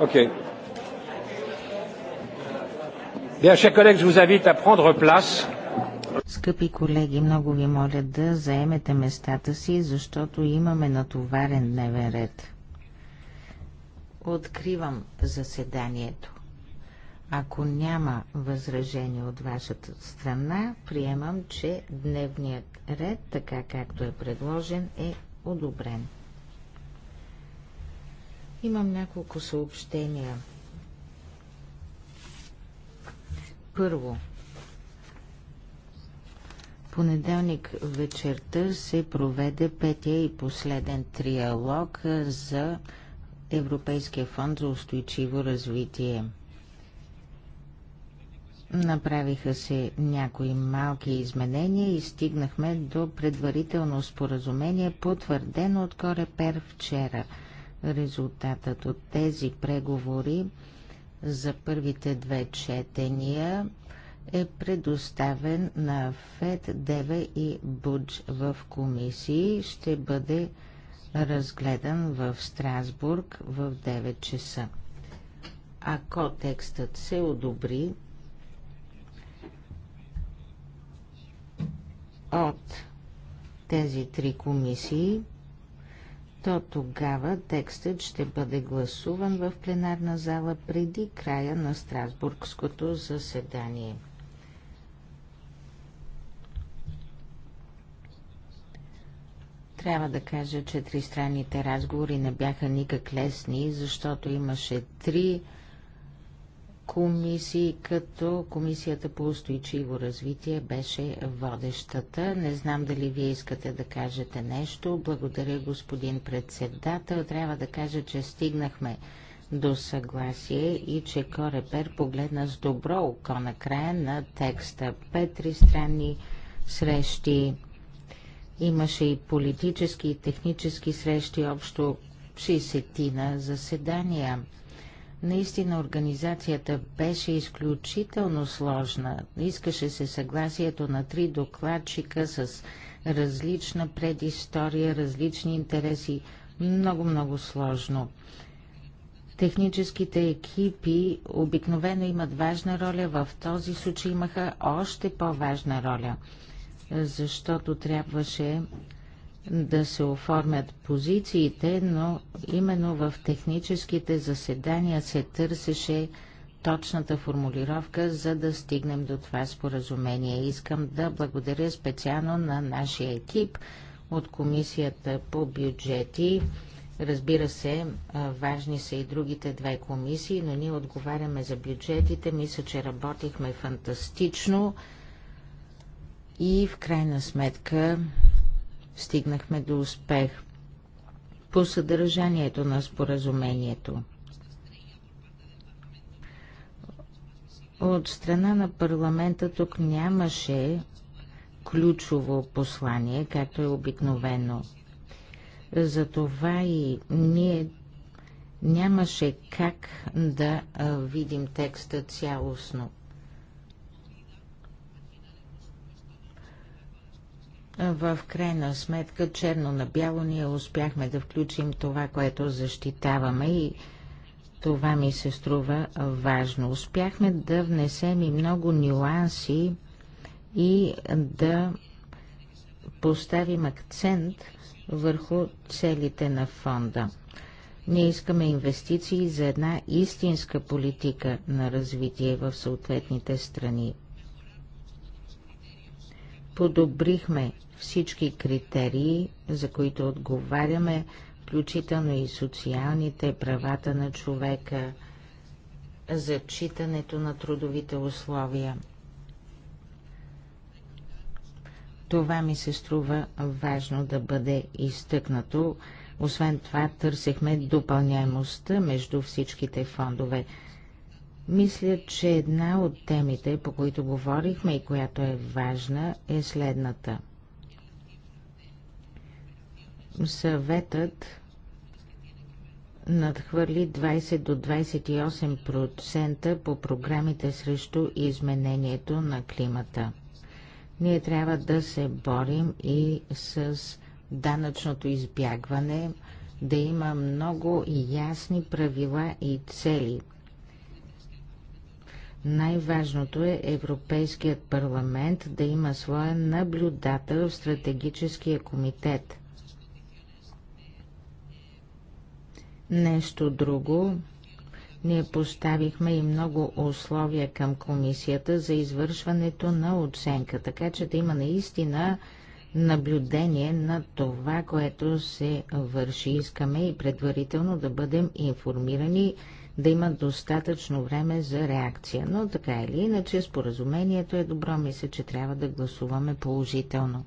Ok. Bien, chers collègues, je vous invite à prendre place. Скъпи колеги, много ви моля да заемете местата си, защото имаме натоварен дневен ред. Откривам заседанието. Ако няма възражение от вашата страна, приемам, че дневният ред, така както е предложен, е одобрен. Имам няколко съобщения. Първо, понеделник вечерта се проведе петия и последен триалог за Европейския фонд за устойчиво развитие. Направиха се някои малки изменения и стигнахме до предварително споразумение, потвърдено от Корепер вчера – Резултатът от тези преговори за първите две четения е предоставен на ФЕД, ДЕВЕ и БУДЖ в комисии. Ще бъде разгледан в Страсбург в 9 часа. Ако текстът се одобри от тези три комисии, то тогава текстът ще бъде гласуван в пленарна зала преди края на Страсбургското заседание. Трябва да кажа, че тристранните разговори не бяха никак лесни, защото имаше три комисии, като Комисията по устойчиво развитие беше водещата. Не знам дали вие искате да кажете нещо. Благодаря, господин председател. Трябва да кажа, че стигнахме до съгласие и че Корепер погледна с добро око на края на текста. Петри странни срещи. Имаше и политически и технически срещи, общо 60 на заседания. Наистина организацията беше изключително сложна. Искаше се съгласието на три докладчика с различна предистория, различни интереси. Много-много сложно. Техническите екипи обикновено имат важна роля, в този случай имаха още по-важна роля, защото трябваше да се оформят позициите, но именно в техническите заседания се търсеше точната формулировка, за да стигнем до това споразумение. Искам да благодаря специално на нашия екип от Комисията по бюджети. Разбира се, важни са и другите две комисии, но ние отговаряме за бюджетите. Мисля, че работихме фантастично и в крайна сметка стигнахме до успех по съдържанието на споразумението. От страна на парламента тук нямаше ключово послание, както е обикновено. Затова и ние нямаше как да видим текста цялостно. В крайна сметка, черно на бяло, ние успяхме да включим това, което защитаваме и това ми се струва важно. Успяхме да внесем и много нюанси и да поставим акцент върху целите на фонда. Ние искаме инвестиции за една истинска политика на развитие в съответните страни. Подобрихме всички критерии, за които отговаряме, включително и социалните, правата на човека, зачитането на трудовите условия. Това ми се струва важно да бъде изтъкнато. Освен това, търсехме допълняемостта между всичките фондове. Мисля, че една от темите, по които говорихме и която е важна, е следната – съветът надхвърли 20 до 28% по програмите срещу изменението на климата. Ние трябва да се борим и с данъчното избягване, да има много ясни правила и цели. Най-важното е Европейският парламент да има своя наблюдател в стратегическия комитет – Нещо друго. Ние поставихме и много условия към комисията за извършването на оценка, така че да има наистина наблюдение на това, което се върши. Искаме и предварително да бъдем информирани, да има достатъчно време за реакция. Но така или иначе, споразумението е добро. Мисля, че трябва да гласуваме положително.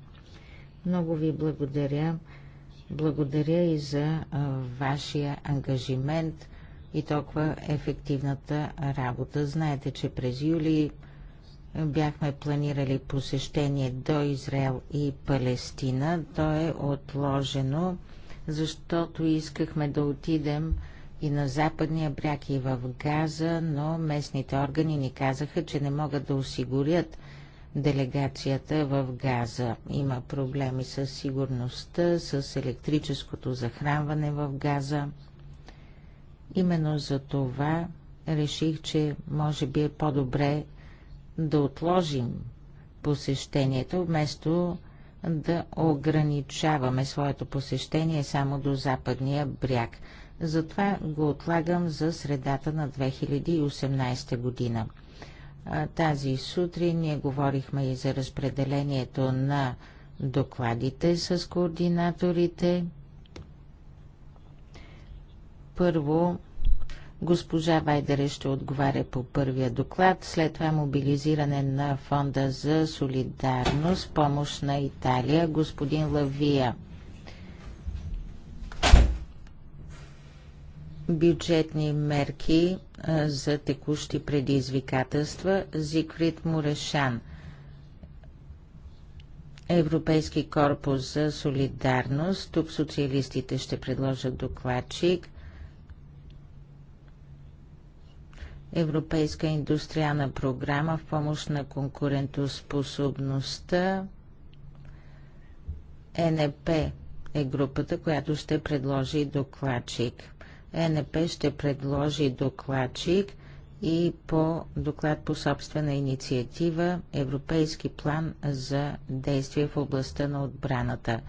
Много ви благодаря. Благодаря и за вашия ангажимент и толкова ефективната работа. Знаете, че през юли бяхме планирали посещение до Израел и Палестина. То е отложено, защото искахме да отидем и на западния бряг и в Газа, но местните органи ни казаха, че не могат да осигурят делегацията в Газа. Има проблеми с сигурността, с електрическото захранване в Газа. Именно за това реших, че може би е по-добре да отложим посещението, вместо да ограничаваме своето посещение само до западния бряг. Затова го отлагам за средата на 2018 година. Тази сутрин ние говорихме и за разпределението на докладите с координаторите. Първо, госпожа Вайдере ще отговаря по първия доклад, след това мобилизиране на фонда за солидарност, помощ на Италия, господин Лавия – бюджетни мерки за текущи предизвикателства Зикрит Мурешан Европейски корпус за солидарност. Тук социалистите ще предложат докладчик. Европейска индустриална програма в помощ на конкурентоспособността. Е НП е групата, която ще предложи докладчик. ЕНП ще предложи докладчик и по доклад по собствена инициатива Европейски план за действие в областта на отбраната.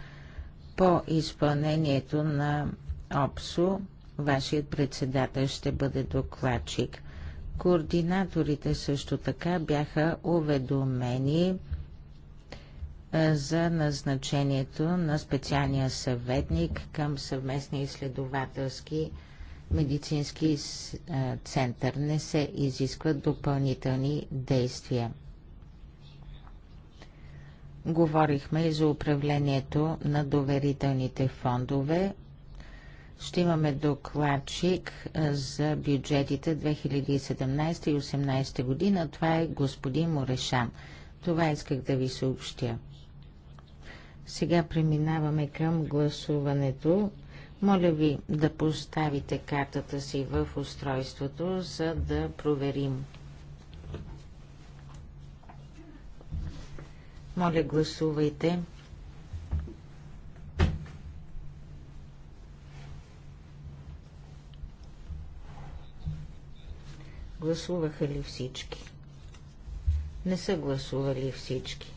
По изпълнението на ОПСО, вашият председател ще бъде докладчик. Координаторите също така бяха уведомени е, за назначението на специалния съветник към съвместни изследователски медицински център. Не се изискват допълнителни действия. Говорихме и за управлението на доверителните фондове. Ще имаме докладчик за бюджетите 2017 и 2018 година. Това е господин Морешан. Това исках да ви съобщя. Сега преминаваме към гласуването моля ви да поставите картата си в устройството, за да проверим. Моля, гласувайте. Гласуваха ли всички? Не са гласували всички.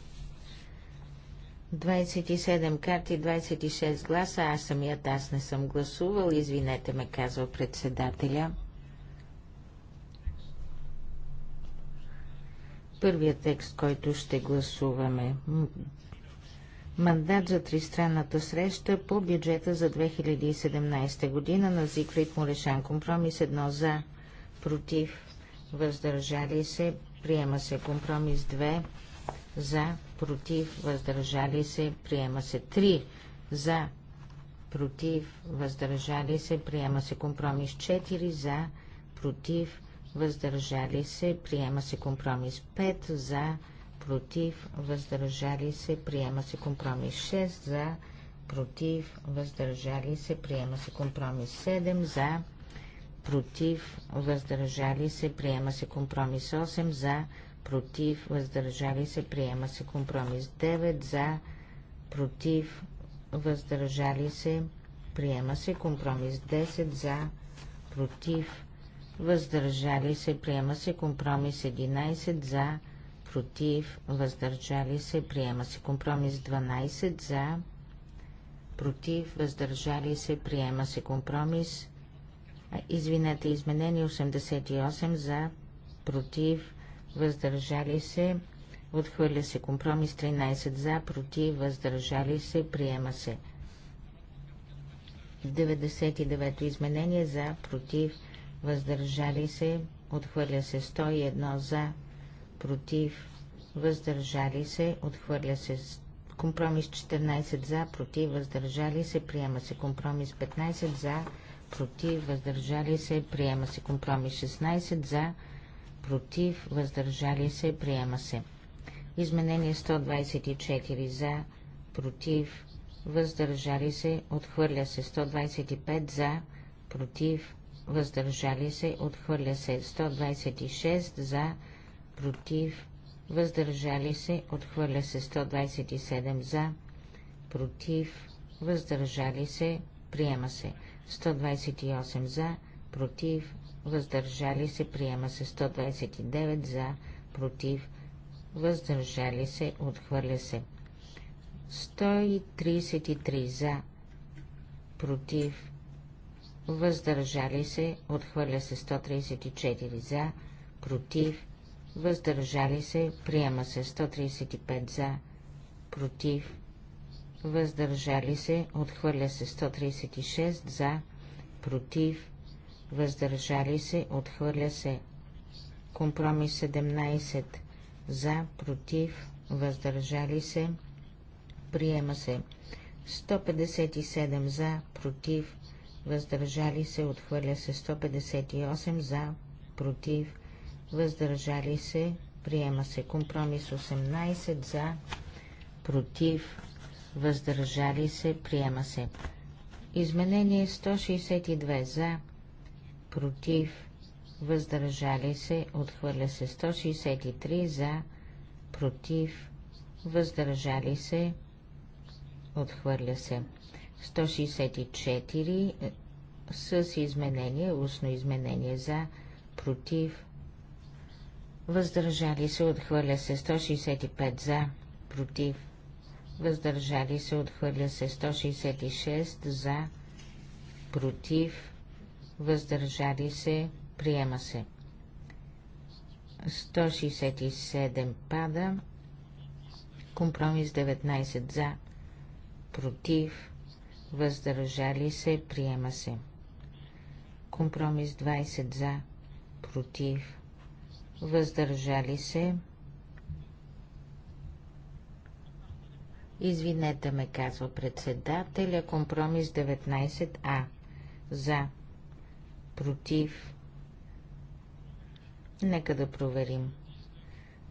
27 карти, 26 гласа. Аз самият аз не съм гласувал. Извинете ме, казва председателя. Първият текст, който ще гласуваме. Мандат за тристранната среща по бюджета за 2017 година на Зикрит Морешан. Компромис едно за, против, въздържали се, приема се компромис 2 за, против, въздържали се, приема се 3 за, против, въздържали се, приема се компромис 4 за, против, въздържали се, приема се компромис 5 за, против, въздържали се, приема се компромис 6 за, против, въздържали се, приема се компромис 7 за, против, въздържали се, приема се компромис 8 за, против, въздържали се, приема се. Компромис 9 за, против, въздържали се, приема се. Компромис 10 за, против, въздържали се, приема се. Компромис 11 за, против, въздържали се, приема се. Компромис 12 за, против, въздържали се, приема се. Компромис Извинете, изменение 88 за, против, въздържали се, отхвърля се. Компромис 13 за, против, въздържали се, приема се. 99 изменение за, против, въздържали се, отхвърля се 101 за, против, въздържали се, отхвърля се компромис 14 за, против, въздържали се, приема се компромис 15 за, против, въздържали се, приема се компромис 16 за, против, въздържали се, приема се. Изменение 124 за, против, въздържали се, отхвърля се 125 за, против, въздържали се, отхвърля се 126 за, против, въздържали се, отхвърля се 127 за, против, въздържали се, приема се 128 за, против, въздържали се, приема се 129 за, против, въздържали се, отхвърля се. 133 за, против, въздържали се, отхвърля се 134 за, против, въздържали се, приема се 135 за, против, въздържали се, отхвърля се 136 за, против, въздържали се, отхвърля се. Компромис 17 за, против, въздържали се, приема се. 157 за, против, въздържали се, отхвърля се. 158 за, против, въздържали се, приема се. Компромис 18 за, против, въздържали се, приема се. Изменение 162 за, против, въздържали се, отхвърля се 163 за, против, въздържали се, отхвърля се 164 е, с изменение, устно изменение за, против, въздържали се, отхвърля се 165 за, против, въздържали се, отхвърля се 166 за, против, въздържали се, приема се. 167 пада, компромис 19 за, против, въздържали се, приема се. Компромис 20 за, против, въздържали се. Извинете ме, казва председателя, компромис 19а за, против. Нека да проверим.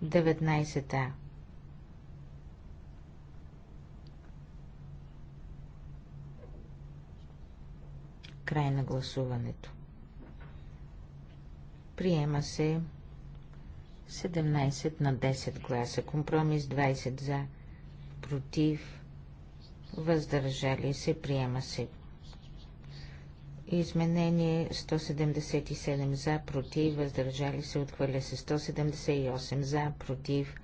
19 та Край на гласуването. Приема се 17 на 10 гласа. Компромис 20 за. Против. Въздържали се. Приема се. Изменение 177 за, против, въздържали се, отхвърля се 178 за, против,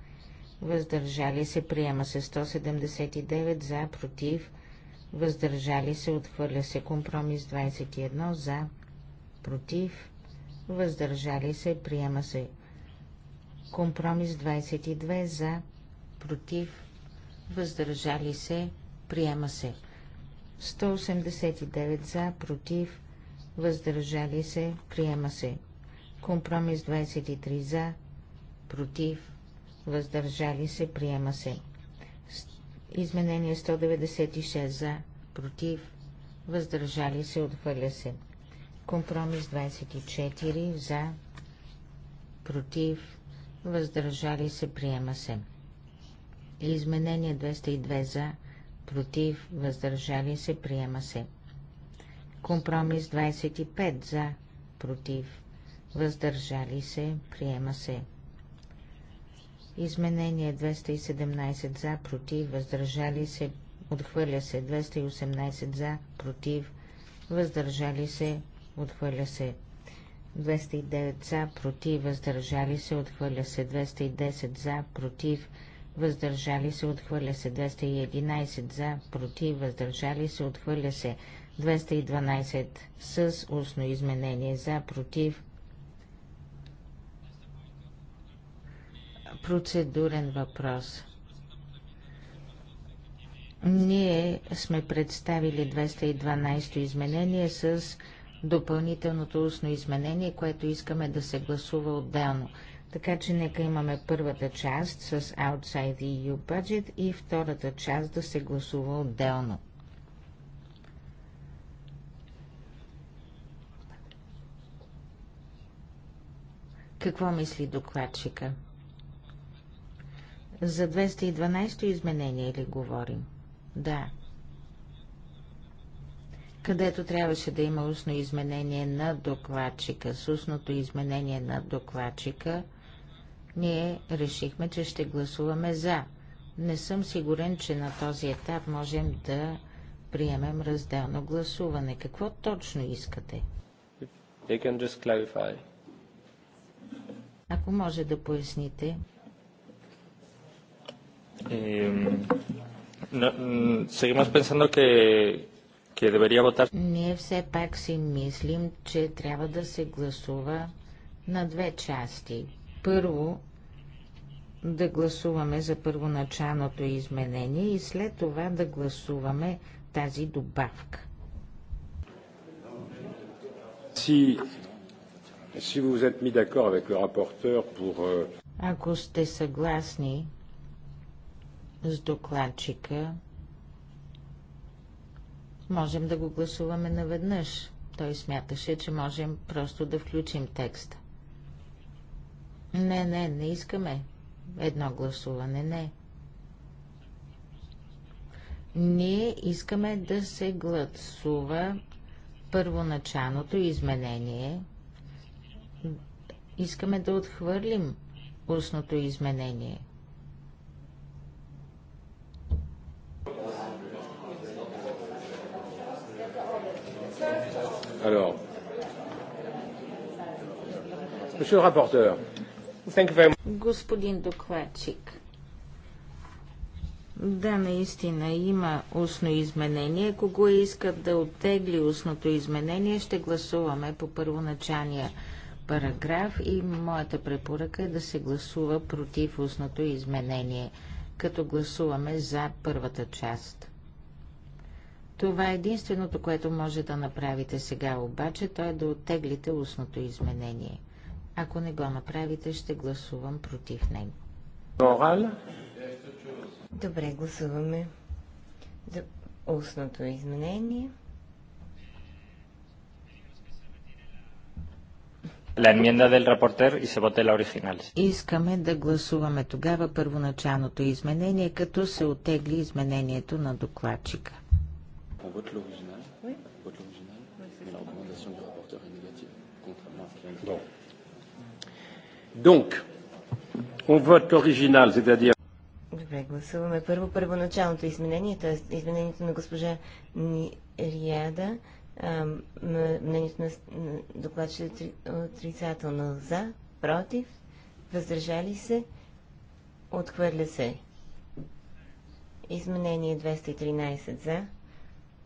въздържали се, приема се 179 за, против, въздържали се, отхвърля се компромис 21 за, против, въздържали се, приема се компромис 22 за, против, въздържали се, приема се. 189 за, против, въздържали се, приема се. Компромис 23 за, против, въздържали се, приема се. Изменение 196 за, против, въздържали се, отхвърля се. Компромис 24 за, против, въздържали се, приема се. Изменение 202 за, против, въздържали се, приема се. Компромис 25 за, против, въздържали се, приема се. Изменение 217 за, против, въздържали се, отхвърля се. 218 за, против, въздържали се, отхвърля се. 209 за, против, въздържали се, отхвърля се. 210 за, против, въздържали се въздържали се, отхвърля се 211 за, против, въздържали се, отхвърля се 212 с устно изменение за, против. Процедурен въпрос. Ние сме представили 212 изменение с допълнителното устно изменение, което искаме да се гласува отделно. Така че нека имаме първата част с Outside EU e Budget и втората част да се гласува отделно. Какво мисли докладчика? За 212-то изменение ли говорим? Да. Където трябваше да има устно изменение на докладчика. С устното изменение на докладчика – ние решихме, че ще гласуваме за. Не съм сигурен, че на този етап можем да приемем разделно гласуване. Какво точно искате? They can just clarify. Ако може да поясните. Um, no, mm, seguimos pensando que, que debería votar. Ние все пак си мислим, че трябва да се гласува на две части. Първо да гласуваме за първоначалното изменение и след това да гласуваме тази добавка. Си, си vous êtes mis d'accord avec le rapporteur pour... Euh, Ако сте съгласни с докладчика, можем да го гласуваме наведнъж. Той смяташе, че можем просто да включим текста. Не, не, не искаме едно гласуване. Не. Ние искаме да се гласува първоначалното изменение. Искаме да отхвърлим устното изменение. Alors, Monsieur le rapporteur, Господин докладчик. Да, наистина има устно изменение. Ако го искат да оттегли устното изменение, ще гласуваме по първоначалния параграф и моята препоръка е да се гласува против устното изменение, като гласуваме за първата част. Това е единственото, което може да направите сега, обаче, то е да оттеглите устното изменение. Ако не го направите, ще гласувам против него. Добре, гласуваме за устното изменение. La enmienda del reporter y se vote la original. Искаме да гласуваме тогава първоначалното изменение, като се отегли изменението на докладчика. On Donc, on vote original, c'est-à-dire... Добре, гласуваме първо първоначалното изменение, т.е. изменението на госпожа Нириада. Мнението на докладчето е отрицателно за, против, въздържали се, отхвърля се. Изменение 213 за,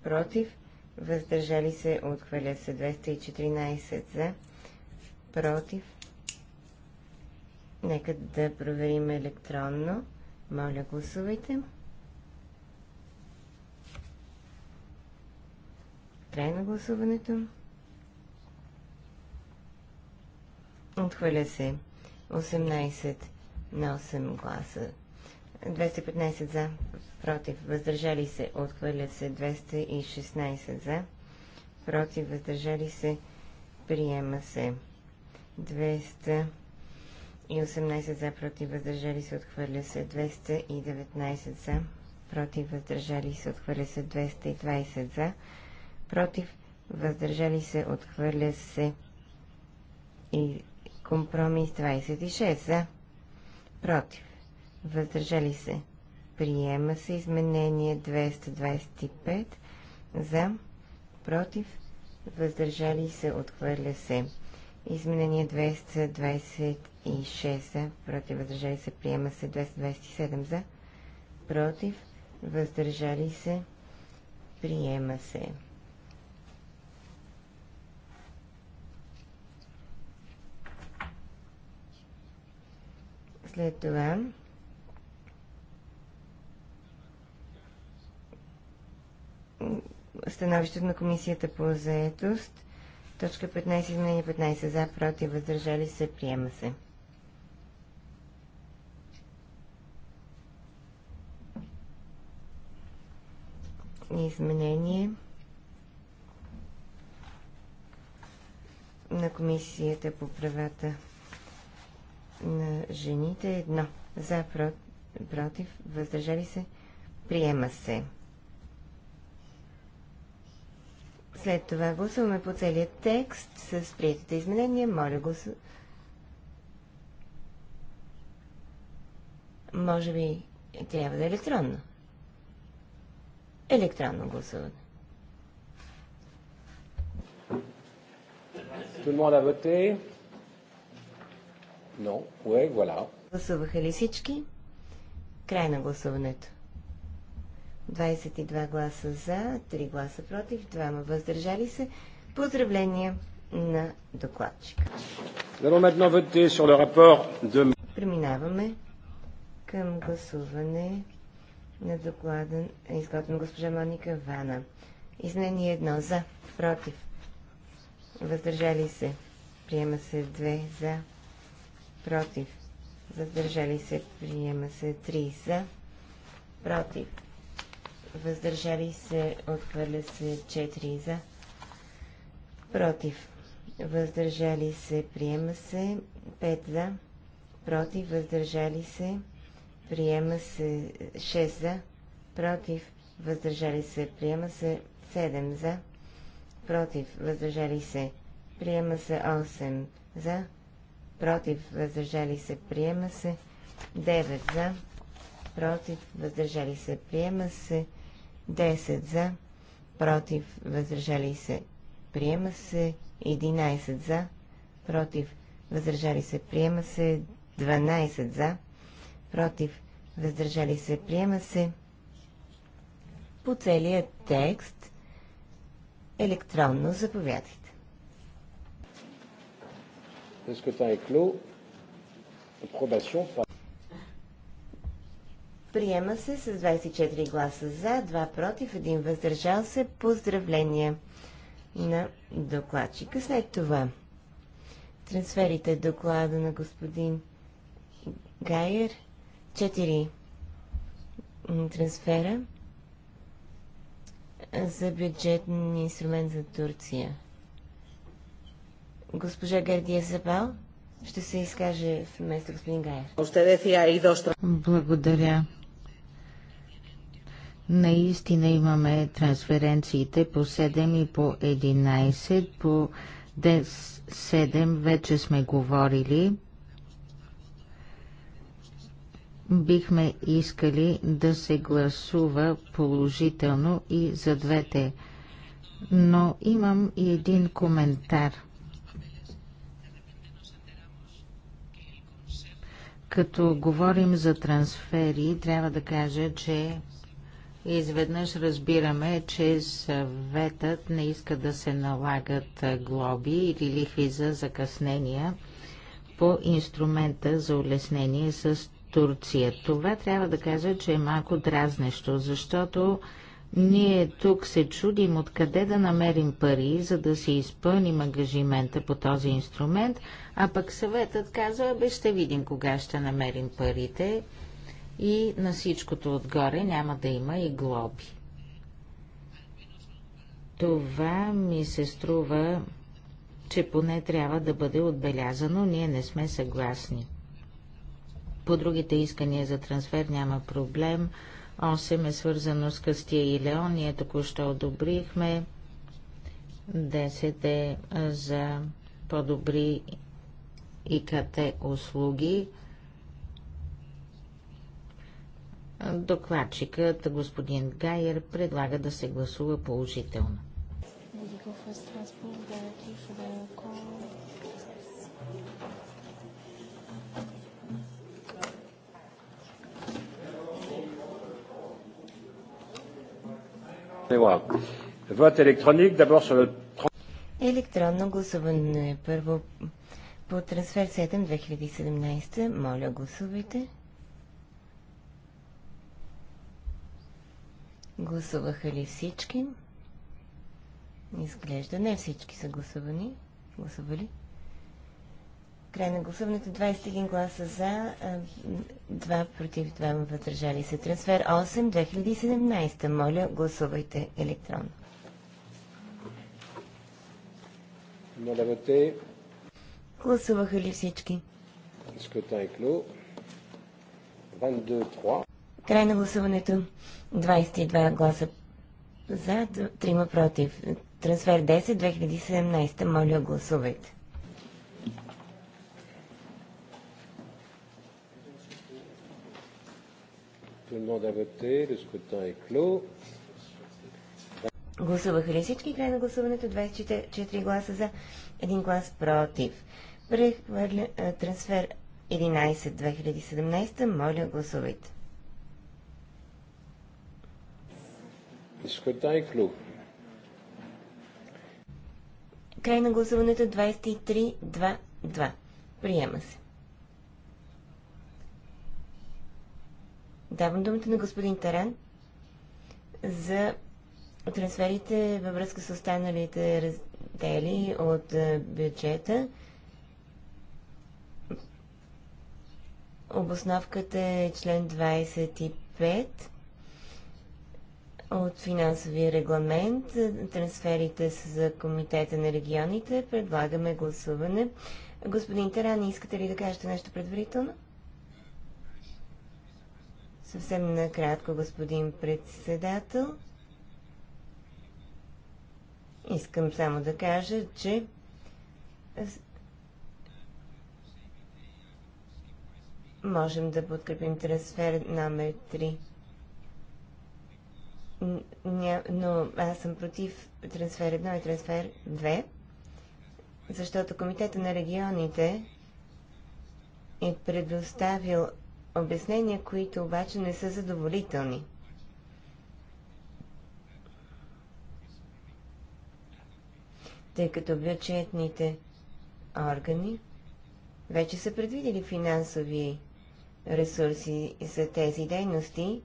против, въздържали се, отхвърля се 214 за, против, Нека да проверим електронно. Моля, гласувайте. Край на гласуването. Отхвърля се 18 на 8 гласа. 215 за, против, въздържали се, отхвърля се 216 за, против, въздържали се, приема се 200. И 18 за, против, въздържали се, отхвърля се 219 за, против, въздържали се, отхвърля се 220 за, против, въздържали се, отхвърля се и компромис 26 за, против, въздържали се, приема се изменение 225 за, против, въздържали се, отхвърля се Изменение 226 за, против, въздържали се, приема се 227 за, против, въздържали се, приема се. След това становището на комисията по заетост – Точка 15, изменение 15 за, против, въздържали се, приема се. Изменение на Комисията по правата на жените едно. За, против, въздържали се, приема се. След това гласуваме по целият текст с приятите изменения. Моля го. Може би трябва да е електронно. Електронно гласуване. Tout le Гласуваха ли всички? Край на гласуването. 22 гласа за, 3 гласа против, 2 въздържали се. Поздравления на докладчика. Преминаваме към гласуване на доклада, изготвен госпожа Моника Вана. Изменение едно за, против, въздържали се, приема се две за, против, въздържали се, приема се три за, против, въздържали се, отхвърля се 4 за, против, въздържали се, приема се 5 за, против, въздържали се, приема се 6 за, против, въздържали се, приема се 7 за, против, въздържали се, приема се 8 за, против, въздържали се, приема се 9 за, против, въздържали се, приема се 10 за, против, въздържали се, приема се, 11 за, против, въздържали се, приема се, 12 за, против, въздържали се, приема се. По целия текст електронно заповядайте. que tu as éclos? Approbation par... Приема се с 24 гласа за, 2 против, 1 въздържал се. Поздравления на докладчика. След това трансферите доклада на господин Гайер. 4 трансфера за бюджетен инструмент за Турция. Госпожа Гардия Забал ще се изкаже вместо господин Гайер. Благодаря. Наистина имаме трансференциите по 7 и по 11, по 7 вече сме говорили. Бихме искали да се гласува положително и за двете. Но имам и един коментар. Като говорим за трансфери, трябва да кажа, че изведнъж разбираме, че съветът не иска да се налагат глоби или лихви за закъснения по инструмента за улеснение с Турция. Това трябва да кажа, че е малко дразнещо, защото ние тук се чудим откъде да намерим пари, за да се изпълним ангажимента по този инструмент, а пък съветът казва, бе ще видим кога ще намерим парите и на всичкото отгоре няма да има и глоби. Това ми се струва, че поне трябва да бъде отбелязано, ние не сме съгласни. По другите искания за трансфер няма проблем. 8 е свързано с къстия и Леон, ние току-що одобрихме. 10 е за по-добри ИКТ услуги. Докладчикът господин Гайер предлага да се гласува положително. Електронно гласуване първо по трансфер 7 2017. Моля, гласувайте. Гласуваха ли всички? Изглежда не всички са гласувани. Гласували? Край на гласуването 21 гласа за, 2 против, 2 въздържали се. Трансфер 8 2017. Моля, гласувайте електронно. Гласуваха ли всички? Скота 2, 22-3. Край на гласуването. 22 гласа за, 3 против. Трансфер 10 2017. Моля, гласувайте. Гласуваха ли всички? Край на гласуването 24 гласа за, 1 глас против. Прехвърля трансфер 11 2017. Моля, гласувайте. Le scrutin Край на гласуването 23-2-2. Приема се. Давам думата на господин Таран за трансферите във връзка с останалите раздели от бюджета. Обосновката е член 25 от финансовия регламент. Трансферите са за Комитета на регионите. Предлагаме гласуване. Господин Таран, искате ли да кажете нещо предварително? Съвсем накратко, господин председател. Искам само да кажа, че можем да подкрепим трансфер номер 3 но аз съм против трансфер 1 и трансфер 2, защото Комитета на регионите е предоставил обяснения, които обаче не са задоволителни. Тъй като бюджетните органи вече са предвидели финансови ресурси за тези дейности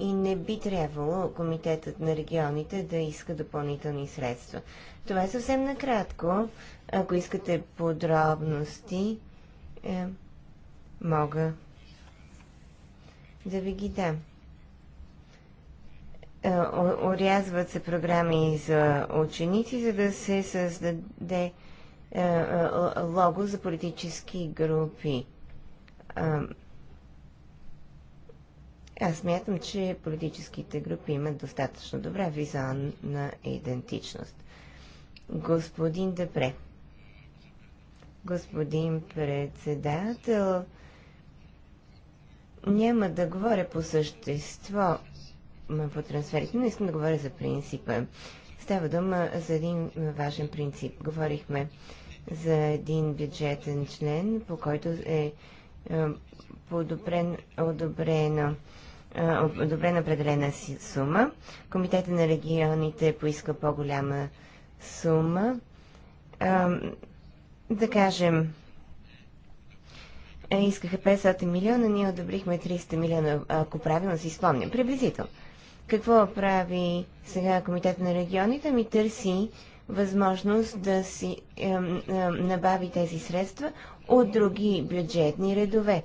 и не би трябвало Комитетът на регионите да иска допълнителни средства. Това е съвсем накратко. Ако искате подробности, е, мога да ви ги дам. Е, орязват се програми за ученици, за да се създаде е, е лого за политически групи. Е, аз смятам, че политическите групи имат достатъчно добра визуална идентичност. Господин Депре. Господин председател, няма да говоря по същество по трансферите, но искам да говоря за принципа. Става дума за един важен принцип. Говорихме за един бюджетен член, по който е, е подобрен, одобрено одобрена определена сума. Комитета на регионите поиска по-голяма сума. А, да кажем, искаха 500 милиона, ние одобрихме 300 милиона, ако правилно си спомням. Приблизително. Какво прави сега Комитет на регионите? Ми търси възможност да си е, е, набави тези средства от други бюджетни редове.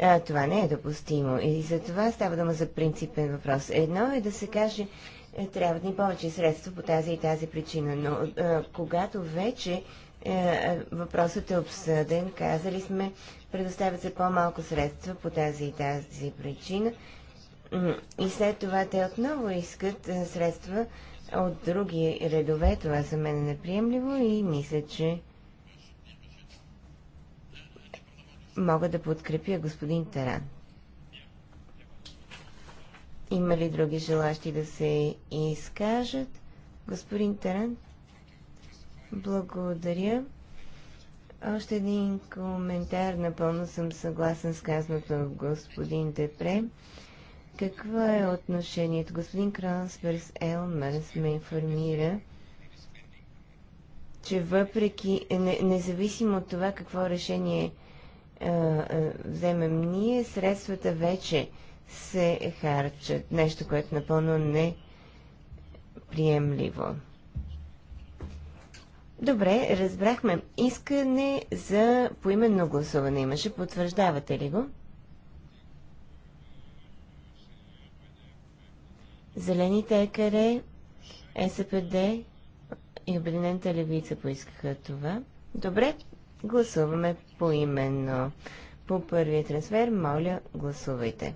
А, това не е допустимо. И за това става дума за принципен въпрос. Едно е да се каже, е, трябва да ни повече средства по тази и тази причина, но а, когато вече а, е, въпросът е обсъден, казали сме, предоставят се по-малко средства по тази и тази причина, и след това те отново искат е, средства от други редове. Това за мен е неприемливо и мисля, че мога да подкрепя господин Таран. Има ли други желащи да се изкажат? Господин Таран, благодаря. Още един коментар. Напълно съм съгласен с казаното от господин Депре. Какво е отношението? Господин Кронсперс Елмърс ме информира, че въпреки, независимо от това какво решение е вземем ние, средствата вече се харчат. Нещо, което напълно не приемливо. Добре, разбрахме. Искане за поименно гласуване имаше. Потвърждавате ли го? Зелените екаре, СПД и Обединената левица поискаха това. Добре, Гласуваме поименно. По първия трансфер, моля, гласувайте.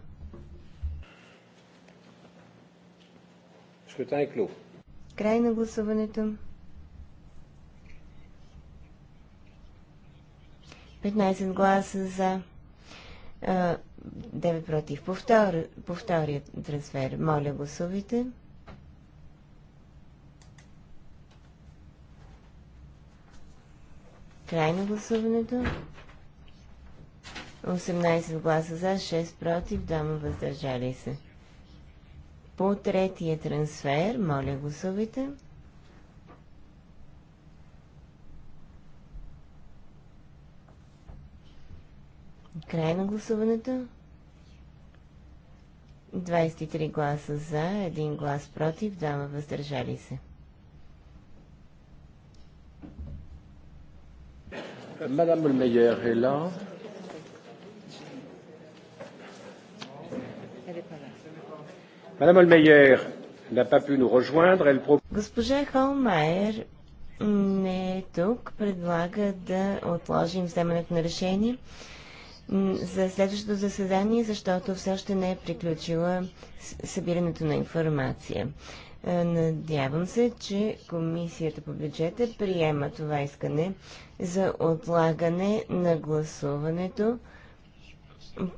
Шкотай клуб. Край на гласуването. 15 гласа за, 9 против. Повтор, по втория трансфер, моля, гласувайте. Край на гласуването. 18 гласа за, 6 против, 2 въздържали се. По третия трансфер, моля гласувайте. Край на гласуването. 23 гласа за, 1 глас против, 2 въздържали се. Madame Meyer est là. Madame Holmeyer n'a pas pu nous rejoindre. Elle Госпожа не е тук. Предлага да отложим вземането на решение за следващото заседание, защото все още не е приключила събирането на информация. Е, надявам се, че Комисията по бюджета приема това искане за отлагане на гласуването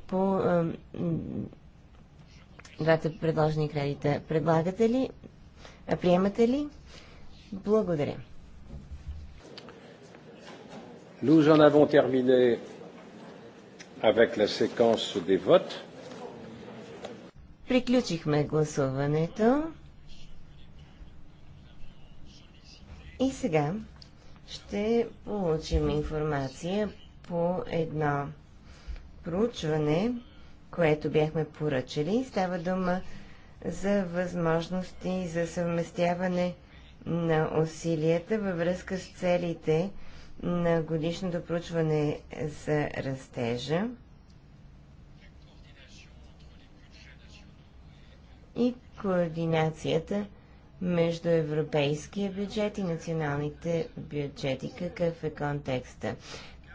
по двата предложени кредита. Предлагате ли? А приемате ли? Благодаря. Nous en avons terminé avec la séquence des votes. Приключихме гласуването. И сега ще получим информация по едно проучване, което бяхме поръчали. Става дума за възможности за съвместяване на усилията във връзка с целите на годишното проучване за растежа и координацията между европейския бюджет и националните бюджети. Какъв е контекста?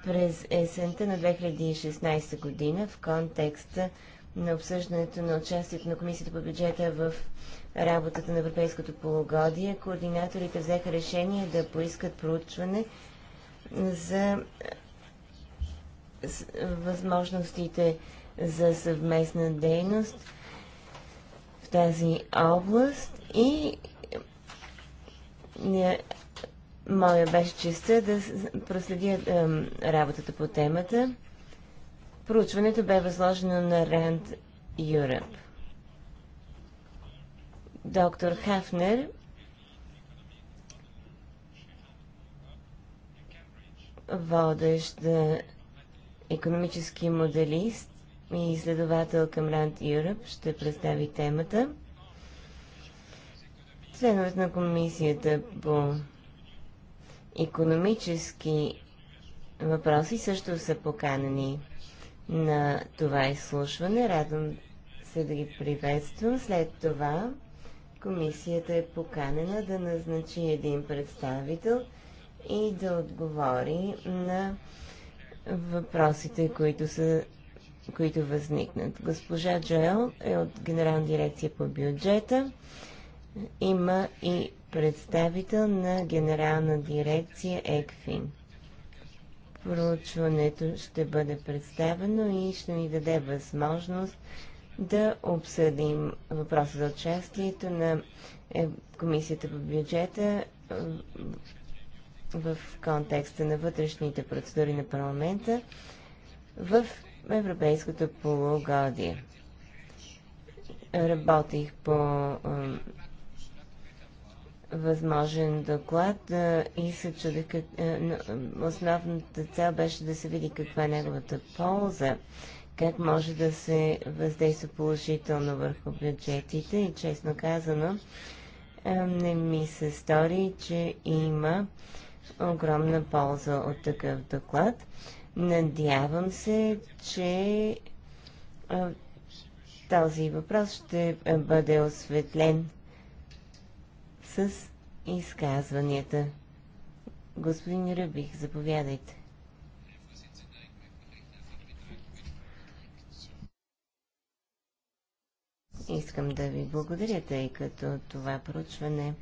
През есента на 2016 година в контекста на обсъждането на участието на Комисията по бюджета в работата на Европейското полугодие, координаторите взеха решение да поискат проучване за възможностите за съвместна дейност в тази област и моя беше честа да проследя е, работата по темата. Проучването бе възложено на Rand Europe. Доктор Хафнер водещ е, економически моделист и изследовател към Rand Europe, ще представи темата. Членовете на комисията по економически въпроси също са поканени на това изслушване. Радвам се да ги приветствам. След това комисията е поканена да назначи един представител и да отговори на въпросите, които, са, които възникнат. Госпожа Джоел е от Генерална дирекция по бюджета има и представител на Генерална дирекция ЕКФИН. Проучването ще бъде представено и ще ни даде възможност да обсъдим въпроса за участието на е, Комисията по бюджета е, в контекста на вътрешните процедури на парламента в Европейското полугодие. Работих по възможен доклад и се чудех как... Основната цел беше да се види каква е неговата полза, как може да се въздейства положително върху бюджетите и честно казано не ми се стори, че има огромна полза от такъв доклад. Надявам се, че този въпрос ще бъде осветлен с изказванията. Господин Рюбих, заповядайте. Искам да ви благодаря, тъй като това проучване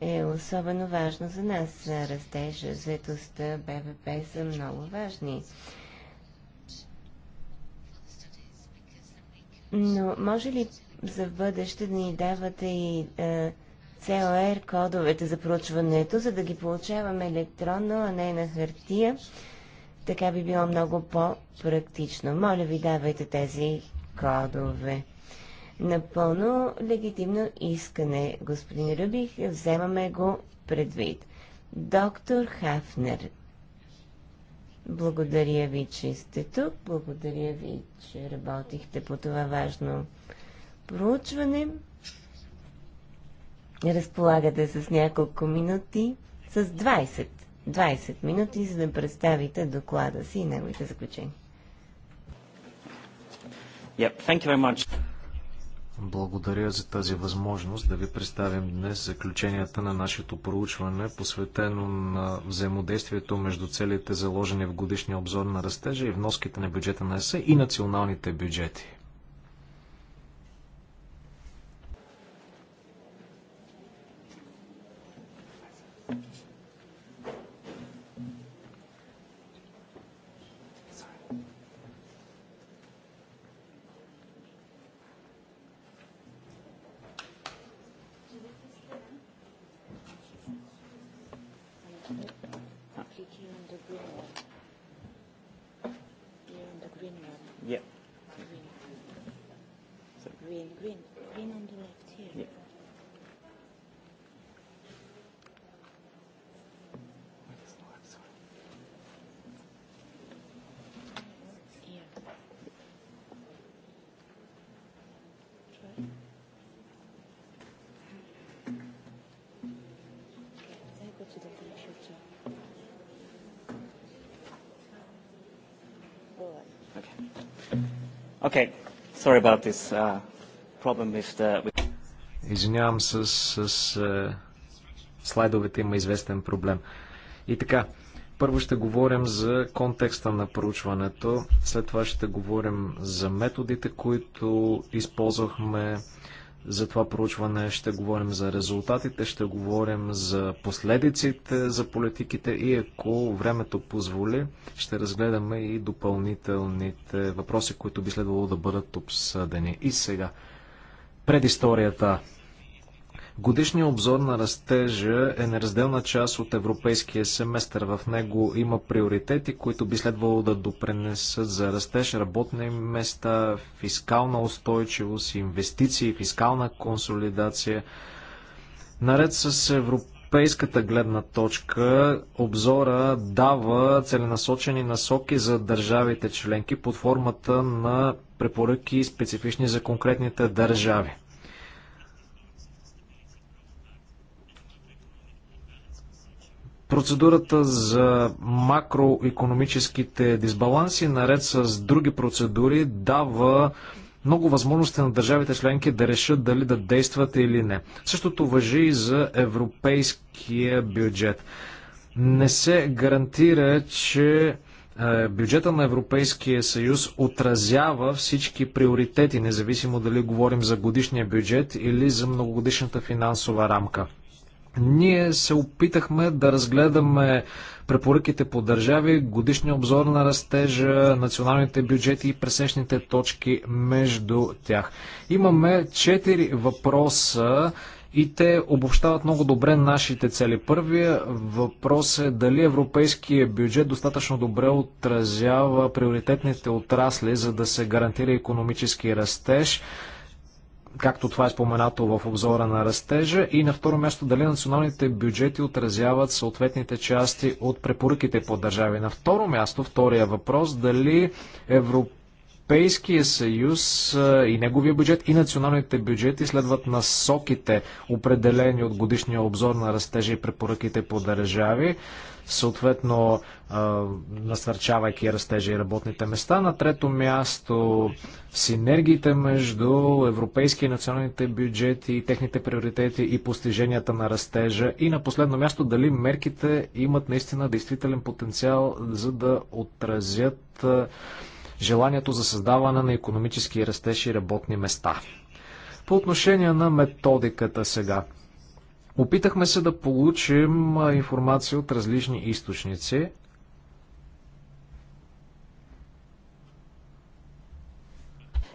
е особено важно за нас. Растежа, заедостта, БВП са много важни. Но може ли за бъдеще да ни давате и е, COR кодовете за проучването, за да ги получаваме електронно, а не на хартия. Така би било много по-практично. Моля ви, давайте тези кодове. Напълно легитимно искане, господин Рубих, вземаме го предвид. Доктор Хафнер, благодаря ви, че сте тук, благодаря ви, че работихте по това важно проучване разполагате с няколко минути, с 20, 20 минути, за да представите доклада си и неговите заключения. Yep, thank you very much. Благодаря за тази възможност да ви представим днес заключенията на нашето проучване, посветено на взаимодействието между целите заложени в годишния обзор на растежа и вноските на бюджета на ЕС и националните бюджети. You're on the green one. You're in the green one. Yeah. Green. So. Green, green. Green on the left here. Yeah. to the teacher Okay. Sorry about this uh, problem with the... Извинявам се, с, с е, слайдовете има известен проблем. И така, първо ще говорим за контекста на проучването, след това ще говорим за методите, които използвахме, за това проучване, ще говорим за резултатите, ще говорим за последиците за политиките и ако времето позволи, ще разгледаме и допълнителните въпроси, които би следвало да бъдат обсъдени. И сега, предисторията Годишният обзор на растежа е неразделна част от европейския семестър. В него има приоритети, които би следвало да допренесат за растеж работни места, фискална устойчивост, инвестиции, фискална консолидация. Наред с европейската гледна точка, обзора дава целенасочени насоки за държавите членки под формата на препоръки специфични за конкретните държави. Процедурата за макроекономическите дисбаланси, наред с други процедури, дава много възможности на държавите членки да решат дали да действат или не. Същото въжи и за европейския бюджет. Не се гарантира, че е, бюджета на Европейския съюз отразява всички приоритети, независимо дали говорим за годишния бюджет или за многогодишната финансова рамка. Ние се опитахме да разгледаме препоръките по държави, годишния обзор на растежа, националните бюджети и пресечните точки между тях. Имаме четири въпроса и те обобщават много добре нашите цели. Първия въпрос е дали европейския бюджет достатъчно добре отразява приоритетните отрасли, за да се гарантира економически растеж както това е споменато в обзора на растежа. И на второ място, дали националните бюджети отразяват съответните части от препоръките по държави. На второ място, втория въпрос, дали Европейския съюз и неговия бюджет и националните бюджети следват насоките, определени от годишния обзор на растежа и препоръките по държави съответно насърчавайки растежа и работните места. На трето място синергиите между европейски и националните бюджети и техните приоритети и постиженията на растежа. И на последно място дали мерките имат наистина действителен потенциал за да отразят желанието за създаване на економически растеж и работни места. По отношение на методиката сега. Опитахме се да получим информация от различни източници.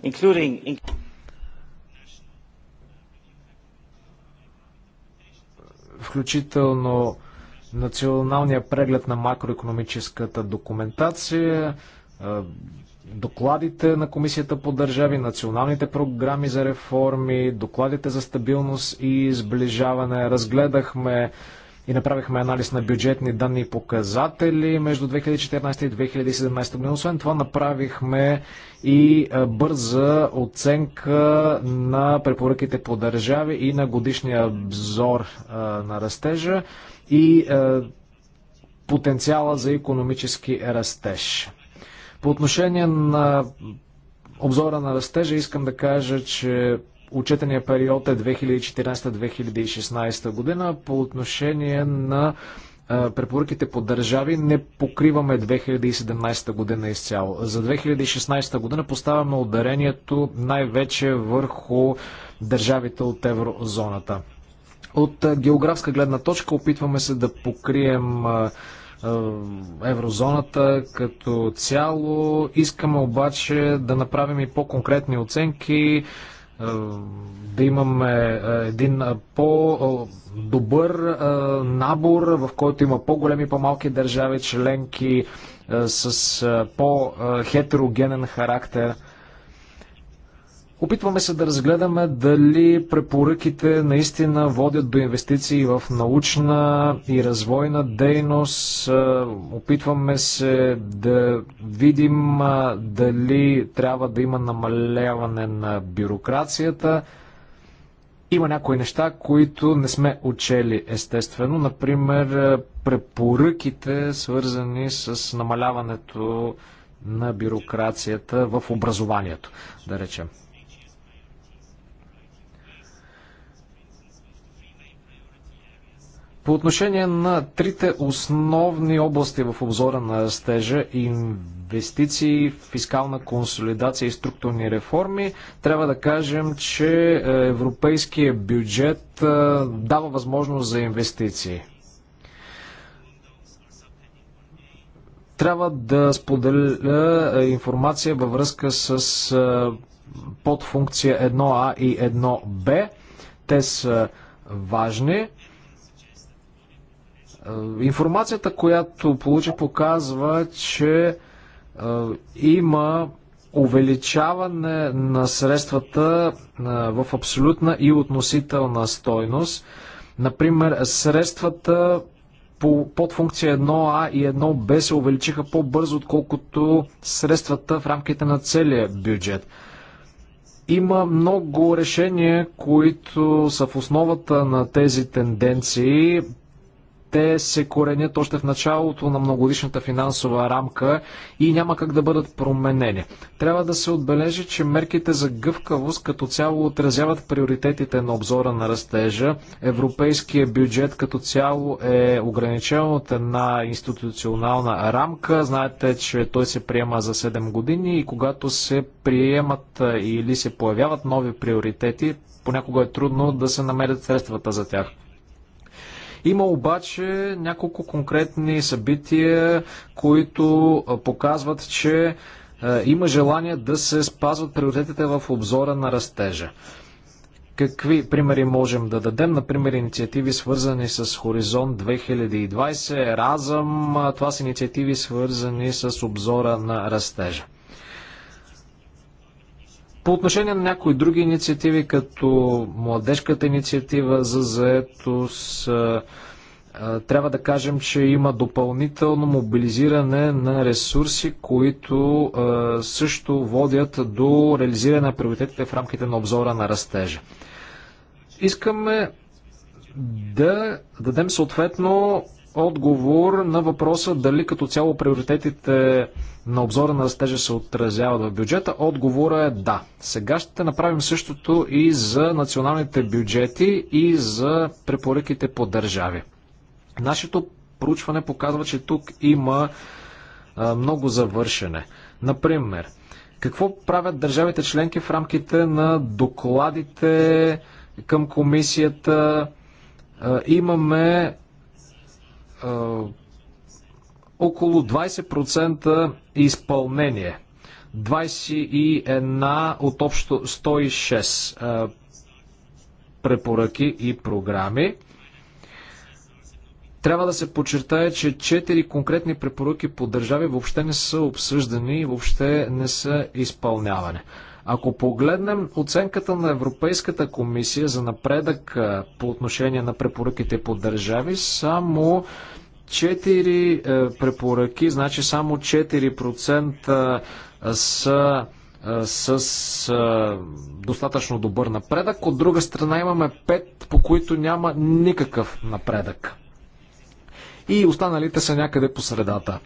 Including... Включително националния преглед на макроекономическата документация, докладите на Комисията по държави, националните програми за реформи, докладите за стабилност и сближаване. Разгледахме и направихме анализ на бюджетни данни и показатели между 2014 и 2017 година. Освен това направихме и бърза оценка на препоръките по държави и на годишния обзор на растежа и потенциала за економически растеж. По отношение на обзора на растежа искам да кажа, че отчетения период е 2014-2016 година. По отношение на препоръките по държави не покриваме 2017 година изцяло. За 2016 година поставяме ударението най-вече върху държавите от еврозоната. От географска гледна точка опитваме се да покрием е, еврозоната като цяло. Искаме обаче да направим и по-конкретни оценки, е, да имаме е, един по-добър набор, в който има по-големи и по-малки държави членки с по-хетерогенен характер. Опитваме се да разгледаме дали препоръките наистина водят до инвестиции в научна и развойна дейност. Е, опитваме се да видим е, дали трябва да има намаляване на бюрокрацията. Има някои неща, които не сме учели естествено. Например, е, препоръките, свързани с намаляването на бюрокрацията в образованието, да речем. По отношение на трите основни области в обзора на растежа инвестиции, фискална консолидация и структурни реформи, трябва да кажем, че е, европейският бюджет е, дава възможност за инвестиции. Трябва да споделя е, информация във връзка с подфункция 1А и 1Б. Те са важни е, информацията, която получих, показва, че е, има увеличаване на средствата е, в абсолютна и относителна стойност. Например, средствата по, под функция 1А и 1Б се увеличиха по-бързо, отколкото средствата в рамките на целия бюджет. Има много решения, които са в основата на тези тенденции те се коренят още в началото на многодишната финансова рамка и няма как да бъдат променени. Трябва да се отбележи, че мерките за гъвкавост като цяло отразяват приоритетите на обзора на растежа. Европейския бюджет като цяло е ограничен от една институционална рамка. Знаете, че той се приема за 7 години и когато се приемат или се появяват нови приоритети, понякога е трудно да се намерят средствата за тях. Има обаче няколко конкретни събития, които показват, че има желание да се спазват приоритетите в обзора на растежа. Какви примери можем да дадем? Например, инициативи свързани с Хоризонт 2020, Разъм. Това са инициативи свързани с обзора на растежа. По отношение на някои други инициативи, като младежката инициатива за заетост, трябва да кажем, че има допълнително мобилизиране на ресурси, които също водят до реализиране на приоритетите в рамките на обзора на растежа. Искаме да дадем съответно отговор на въпроса дали като цяло приоритетите на обзора на растежа се отразяват в бюджета. Отговора е да. Сега ще направим същото и за националните бюджети и за препоръките по държави. Нашето проучване показва, че тук има много завършене. Например, какво правят държавите членки в рамките на докладите към комисията? имаме около 20% изпълнение. 21 от общо 106 препоръки и програми. Трябва да се подчертая, че 4 конкретни препоръки по държави въобще не са обсъждани и въобще не са изпълнявани. Ако погледнем оценката на Европейската комисия за напредък по отношение на препоръките по държави, само 4 е, препоръки, значи само 4% са с а, достатъчно добър напредък. От друга страна имаме 5, по които няма никакъв напредък. И останалите са някъде по средата.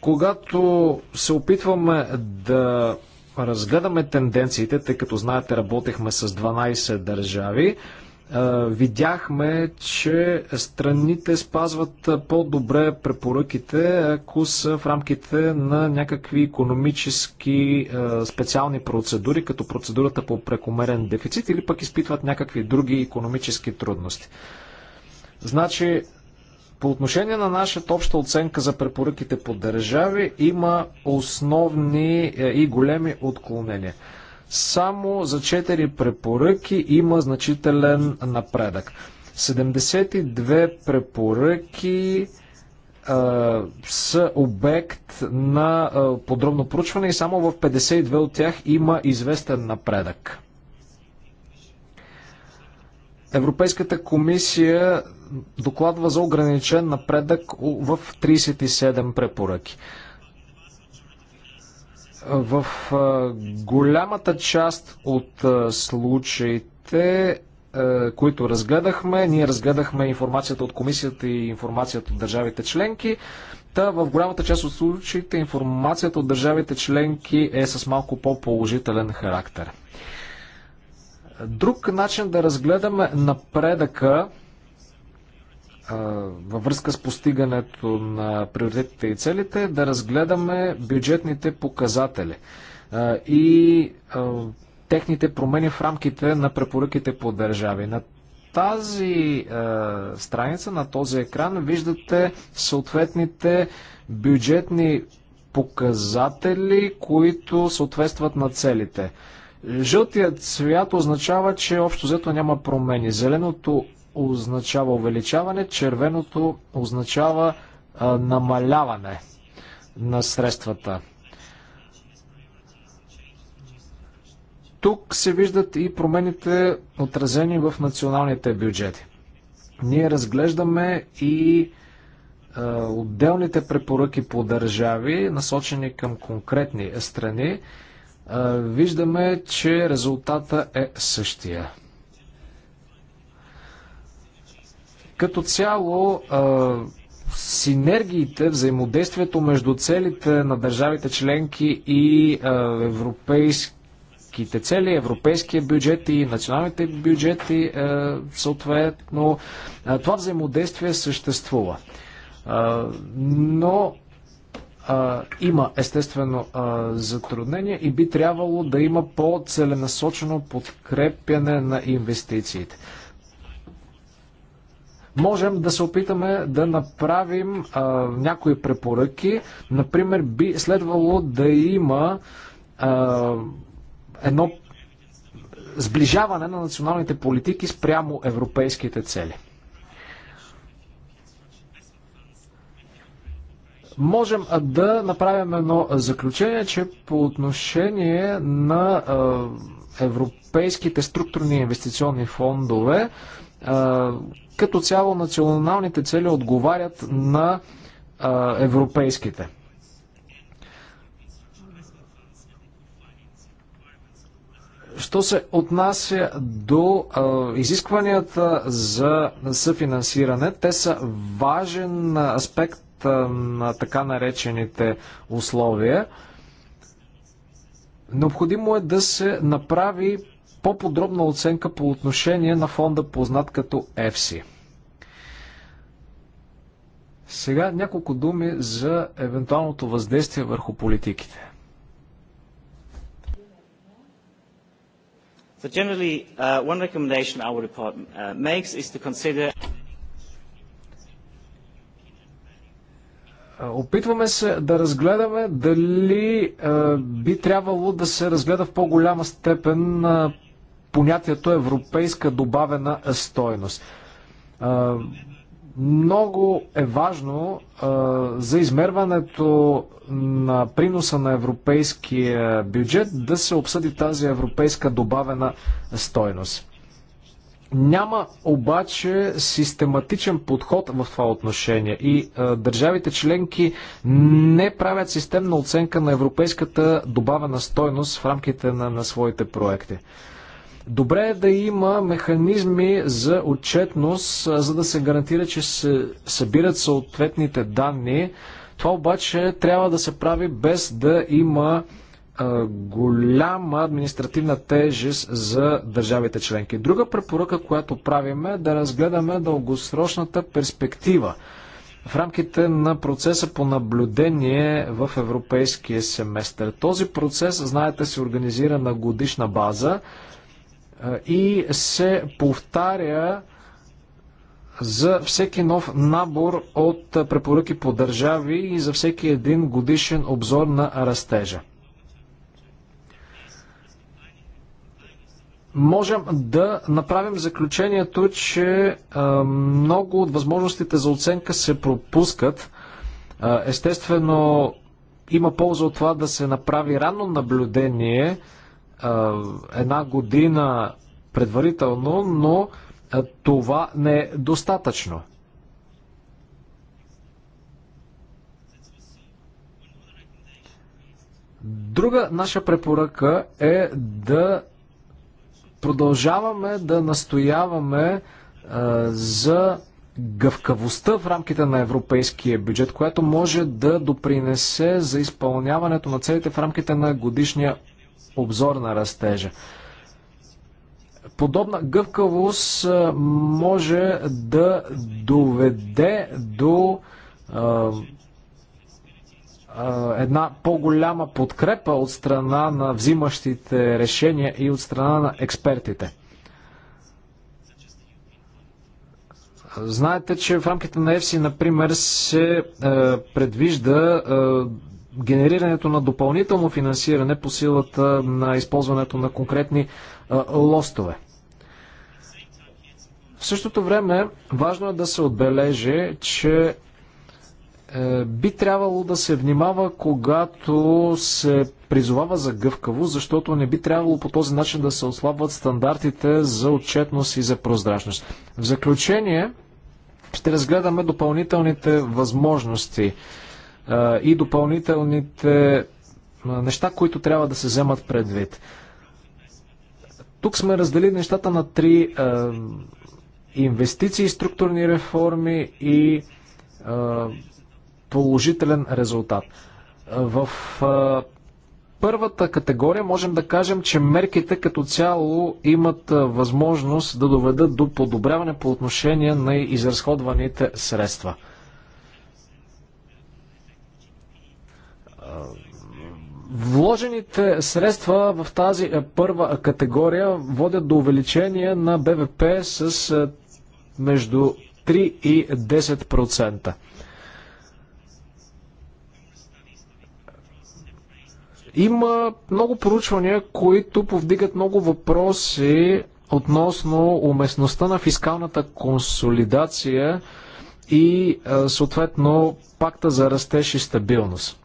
Когато се опитваме да разгледаме тенденциите, тъй като знаете, работехме с 12 държави, е, видяхме, че страните спазват по-добре препоръките, ако са в рамките на някакви економически е, специални процедури, като процедурата по прекомерен дефицит или пък изпитват някакви други економически трудности. Значи, по отношение на нашата обща оценка за препоръките по държави има основни е, и големи отклонения. Само за 4 препоръки има значителен напредък. 72 препоръки а, е, са обект на а, е, подробно проучване и само в 52 от тях има известен напредък. Европейската комисия докладва за ограничен напредък в 37 препоръки. В голямата част от случаите, които разгледахме, ние разгледахме информацията от комисията и информацията от държавите членки. Та в голямата част от случаите информацията от държавите членки е с малко по-положителен характер. Друг начин да разгледаме напредъка във връзка с постигането на приоритетите и целите е да разгледаме бюджетните показатели и техните промени в рамките на препоръките по държави. На тази страница, на този екран виждате съответните бюджетни показатели, които съответстват на целите. Жълтият цвят означава, че общо взето няма промени. Зеленото означава увеличаване, червеното означава а, намаляване на средствата. Тук се виждат и промените отразени в националните бюджети. Ние разглеждаме и отделните препоръки по държави, насочени към конкретни страни виждаме, че резултата е същия. Като цяло, синергиите, взаимодействието между целите на държавите членки и европейските цели, европейския бюджет и националните бюджети, съответно, това взаимодействие съществува. Но а, има естествено а, затруднения и би трябвало да има по-целенасочено подкрепяне на инвестициите. Можем да се опитаме да направим а, някои препоръки. Например, би следвало да има а, едно сближаване на националните политики спрямо европейските цели. можем да направим едно заключение, че по отношение на европейските структурни инвестиционни фондове, като цяло националните цели отговарят на европейските. Що се отнася до а, изискванията за съфинансиране, те са важен аспект на така наречените условия. Необходимо е да се направи по-подробна оценка по отношение на фонда познат като EFSI. Сега няколко думи за евентуалното въздействие върху политиките. So generally, uh, one recommendation our report uh, makes is to consider Опитваме се да разгледаме дали би трябвало да се разгледа в по-голяма степен понятието европейска добавена стойност. Много е важно за измерването на приноса на европейския бюджет да се обсъди тази европейска добавена стойност. Няма обаче систематичен подход в това отношение и а, държавите членки не правят системна оценка на европейската добавена стойност в рамките на, на своите проекти. Добре е да има механизми за отчетност, за да се гарантира, че се събират съответните данни. Това обаче трябва да се прави без да има голяма административна тежест за държавите членки. Друга препоръка, която правим е да разгледаме дългосрочната перспектива в рамките на процеса по наблюдение в европейския семестър. Този процес, знаете, се организира на годишна база и се повтаря за всеки нов набор от препоръки по държави и за всеки един годишен обзор на растежа. можем да направим заключението, че много от възможностите за оценка се пропускат. Естествено, има полза от това да се направи ранно наблюдение една година предварително, но това не е достатъчно. Друга наша препоръка е да Продължаваме да настояваме е, за гъвкавостта в рамките на европейския бюджет, която може да допринесе за изпълняването на целите в рамките на годишния обзор на растежа. Подобна гъвкавост е, може да доведе до е, една по-голяма подкрепа от страна на взимащите решения и от страна на експертите. Знаете, че в рамките на ЕФСИ, например, се е, предвижда е, генерирането на допълнително финансиране по силата на използването на конкретни е, лостове. В същото време важно е да се отбележи, че е, би трябвало да се внимава, когато се призовава за гъвкаво, защото не би трябвало по този начин да се ослабват стандартите за отчетност и за прозрачност. В заключение ще разгледаме допълнителните възможности е, и допълнителните е, неща, които трябва да се вземат предвид. Тук сме разделили нещата на три инвестиции, структурни реформи и положителен резултат. В първата категория можем да кажем, че мерките като цяло имат възможност да доведат до подобряване по отношение на изразходваните средства. Вложените средства в тази първа категория водят до увеличение на БВП с между 3 и 10%. Има много поручвания, които повдигат много въпроси относно уместността на фискалната консолидация и съответно пакта за растеж и стабилност.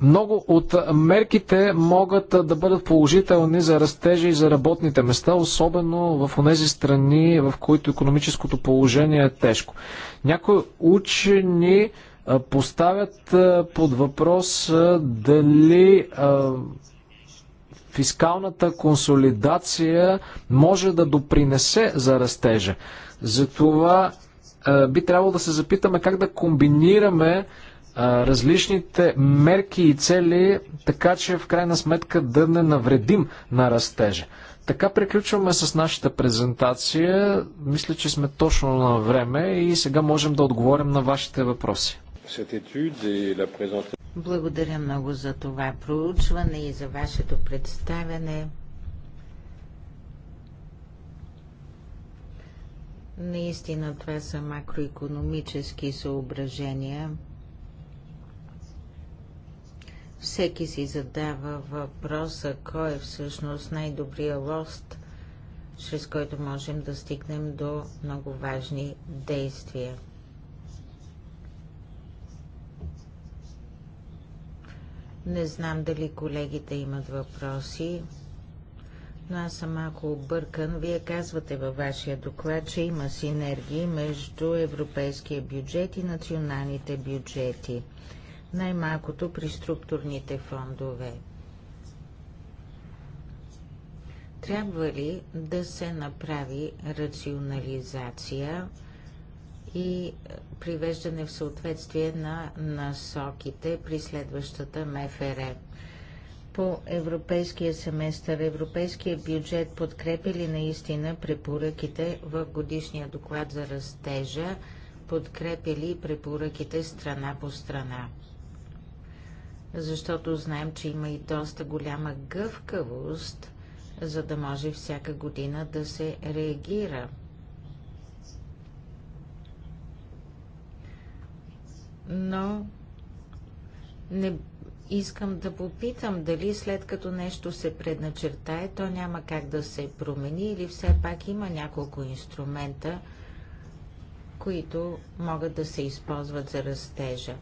Много от мерките могат да бъдат положителни за растежа и за работните места, особено в тези страни, в които економическото положение е тежко. Някои учени поставят под въпрос дали фискалната консолидация може да допринесе за растежа. Затова би трябвало да се запитаме как да комбинираме различните мерки и цели, така че в крайна сметка да не навредим на растежа. Така приключваме с нашата презентация. Мисля, че сме точно на време и сега можем да отговорим на вашите въпроси. Благодаря много за това проучване и за вашето представяне. Наистина това са макроекономически съображения. Всеки си задава въпроса, кой е всъщност най-добрия лост, чрез който можем да стигнем до много важни действия. Не знам дали колегите имат въпроси, но аз съм малко объркан. Вие казвате във вашия доклад, че има синергии между европейския бюджет и националните бюджети най-малкото при структурните фондове. Трябва ли да се направи рационализация и привеждане в съответствие на насоките при следващата МФР? по европейския семестър, европейския бюджет подкрепи ли наистина препоръките в годишния доклад за растежа, подкрепи ли препоръките страна по страна? защото знаем, че има и доста голяма гъвкавост, за да може всяка година да се реагира. Но не искам да попитам дали след като нещо се предначертае, то няма как да се промени или все пак има няколко инструмента, които могат да се използват за растежа.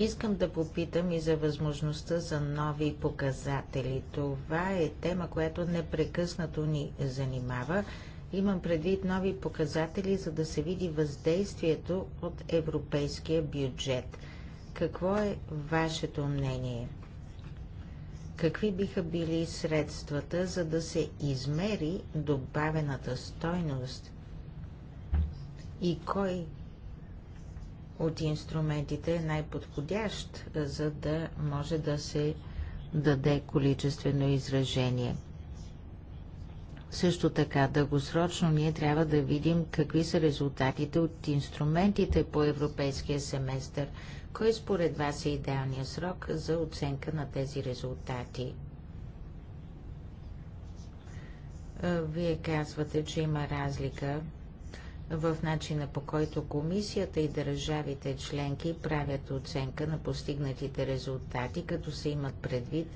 Искам да попитам и за възможността за нови показатели. Това е тема, която непрекъснато ни занимава. Имам предвид нови показатели, за да се види въздействието от европейския бюджет. Какво е вашето мнение? Какви биха били средствата, за да се измери добавената стойност? И кой от инструментите е най-подходящ, за да може да се даде количествено изражение. Също така, дългосрочно ние трябва да видим какви са резултатите от инструментите по европейския семестър. Кой според вас е идеалният срок за оценка на тези резултати? Вие казвате, че има разлика в начина по който комисията и държавите членки правят оценка на постигнатите резултати, като се имат предвид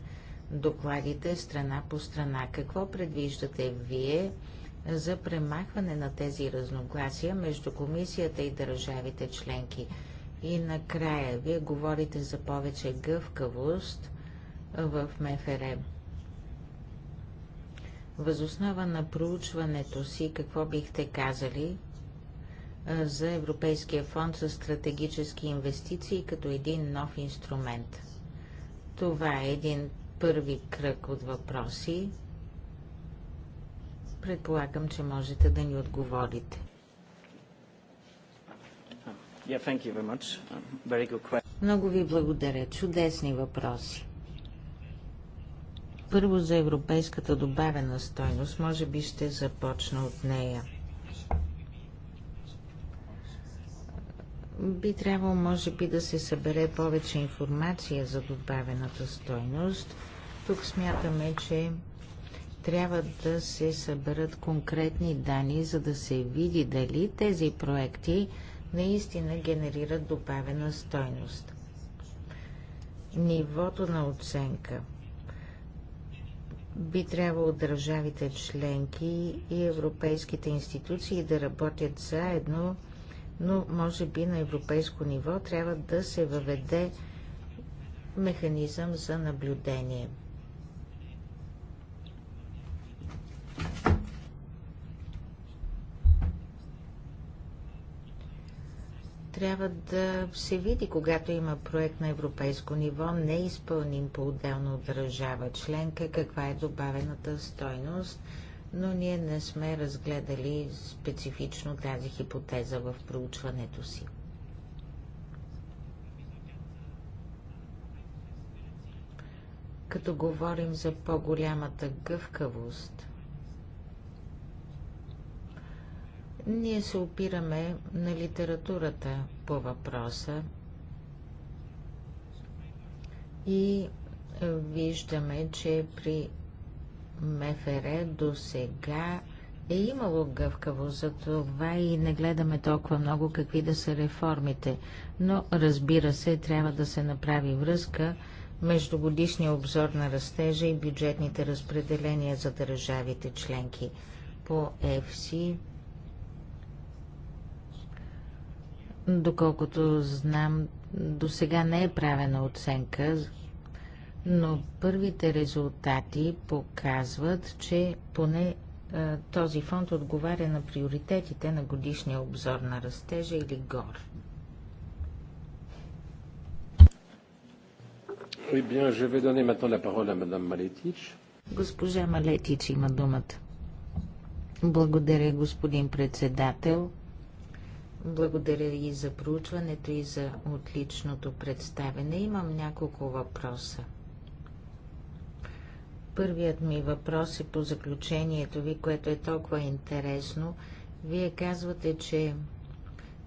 докладите страна по страна. Какво предвиждате вие за премахване на тези разногласия между комисията и държавите членки? И накрая, вие говорите за повече гъвкавост в МФР. Възоснова на проучването си, какво бихте казали за Европейския фонд за стратегически инвестиции като един нов инструмент. Това е един първи кръг от въпроси. Предполагам, че можете да ни отговорите. Yeah, Много ви благодаря. Чудесни въпроси. Първо за европейската добавена стойност, може би ще започна от нея – Би трябвало, може би, да се събере повече информация за добавената стойност. Тук смятаме, че трябва да се съберат конкретни данни, за да се види дали тези проекти наистина генерират добавена стойност. Нивото на оценка би трябвало държавите членки и европейските институции да работят заедно но може би на европейско ниво трябва да се въведе механизъм за наблюдение. трябва да се види, когато има проект на европейско ниво, не изпълним по-отделно от държава членка, каква е добавената стойност но ние не сме разгледали специфично тази хипотеза в проучването си. Като говорим за по-голямата гъвкавост, ние се опираме на литературата по въпроса и виждаме, че при МФР до сега е имало гъвкаво, за това и не гледаме толкова много какви да са реформите. Но разбира се, трябва да се направи връзка между годишния обзор на растежа и бюджетните разпределения за държавите членки по ЕФСИ. Доколкото знам, до сега не е правена оценка но първите резултати показват, че поне е, този фонд отговаря на приоритетите на годишния обзор на растежа или ГОР. Eh bien, je vais donner maintenant la parole à Madame Госпожа Малетич има думата. Благодаря, господин председател. Благодаря и за проучването и за отличното представене. Имам няколко въпроса. Първият ми въпрос е по заключението ви, което е толкова интересно. Вие казвате, че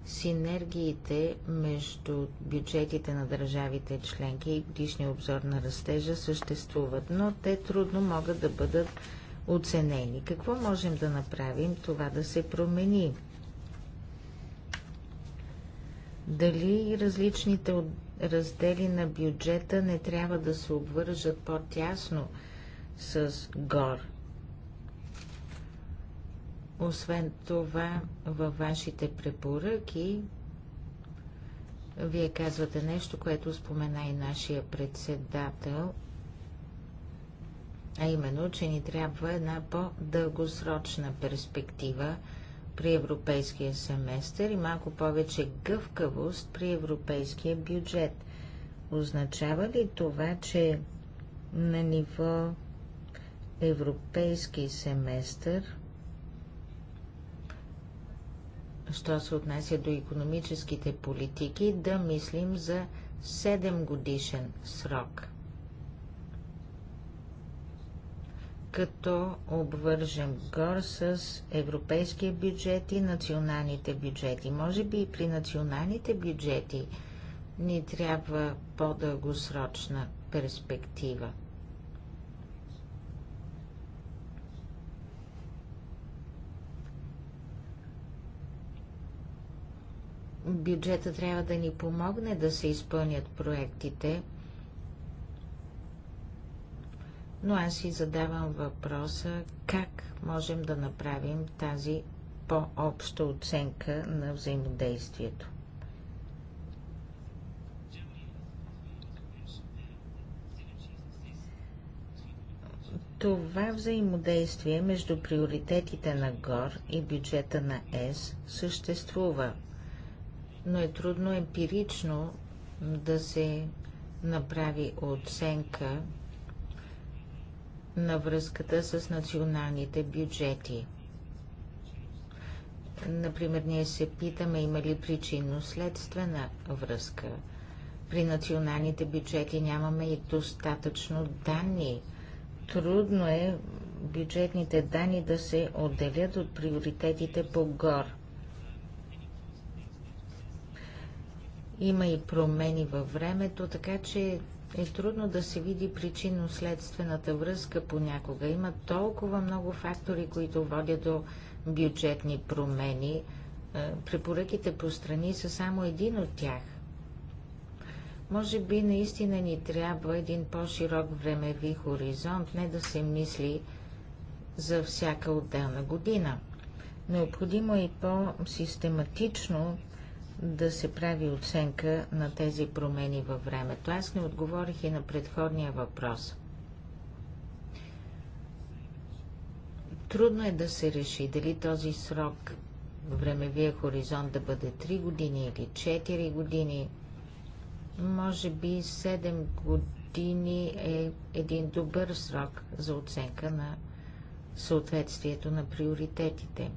синергиите между бюджетите на държавите членки и годишния обзор на растежа съществуват, но те трудно могат да бъдат оценени. Какво можем да направим това да се промени? Дали различните раздели на бюджета не трябва да се обвържат по-тясно – с гор. Освен това, във вашите препоръки вие казвате нещо, което спомена и нашия председател, а именно, че ни трябва една по-дългосрочна перспектива при европейския семестър и малко повече гъвкавост при европейския бюджет. Означава ли това, че на ниво европейски семестър, що се отнася до економическите политики, да мислим за 7 годишен срок. Като обвържем гор с европейския бюджет и националните бюджети. Може би и при националните бюджети ни трябва по-дългосрочна перспектива. Бюджета трябва да ни помогне да се изпълнят проектите, но аз си задавам въпроса как можем да направим тази по-обща оценка на взаимодействието. Това взаимодействие между приоритетите на ГОР и бюджета на ЕС съществува – но е трудно емпирично да се направи оценка на връзката с националните бюджети. Например, ние се питаме има ли причинно-следствена връзка. При националните бюджети нямаме и достатъчно данни. Трудно е бюджетните данни да се отделят от приоритетите по ГОР – Има и промени във времето, така че е трудно да се види причинно-следствената връзка понякога. Има толкова много фактори, които водят до бюджетни промени. Е, препоръките по страни са само един от тях. Може би наистина ни трябва един по-широк времеви хоризонт, не да се мисли за всяка отделна година. Необходимо е и по-систематично да се прави оценка на тези промени във времето. Аз не отговорих и на предходния въпрос. Трудно е да се реши дали този срок, времевия хоризонт да бъде 3 години или 4 години. Може би 7 години е един добър срок за оценка на съответствието на приоритетите.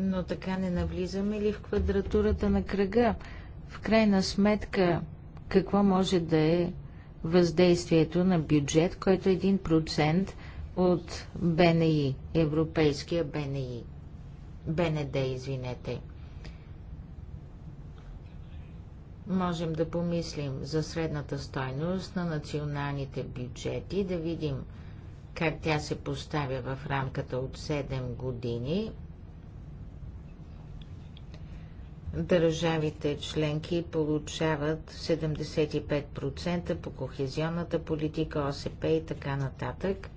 но така не навлизаме ли в квадратурата на кръга? В крайна сметка, какво може да е въздействието на бюджет, който е процент от БНИ, европейския БНИ, БНД, извинете. Можем да помислим за средната стойност на националните бюджети, да видим как тя се поставя в рамката от 7 години – Държавите членки получават 75% по кохезионната политика, ОСП и така нататък.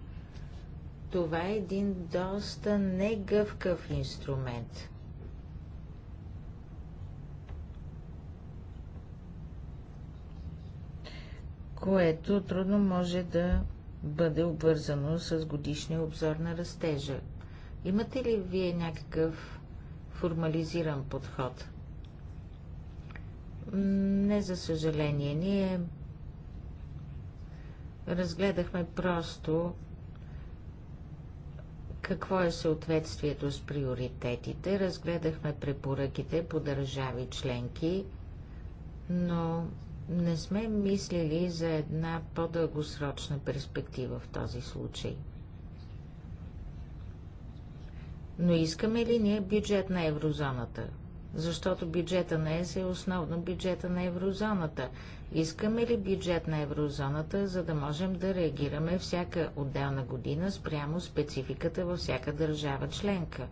Това е един доста негъвкав инструмент. което трудно може да бъде обвързано с годишния обзор на растежа. Имате ли вие някакъв формализиран подход? Не, за съжаление. Ние разгледахме просто какво е съответствието с приоритетите, разгледахме препоръките по държави членки, но не сме мислили за една по-дългосрочна перспектива в този случай. Но искаме ли ние бюджет на еврозоната? защото бюджета на ЕС е основно бюджета на еврозоната. Искаме ли бюджет на еврозоната, за да можем да реагираме всяка отделна година спрямо спецификата във всяка държава членка?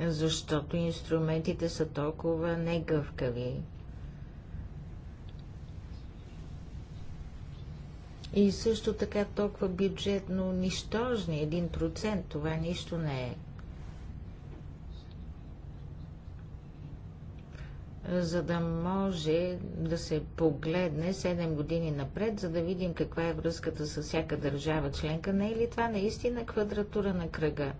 Защото инструментите са толкова негъвкави, и също така толкова бюджетно нищожни, 1%, това нищо не е. за да може да се погледне 7 години напред, за да видим каква е връзката с всяка държава членка. Не е ли това наистина квадратура на кръга?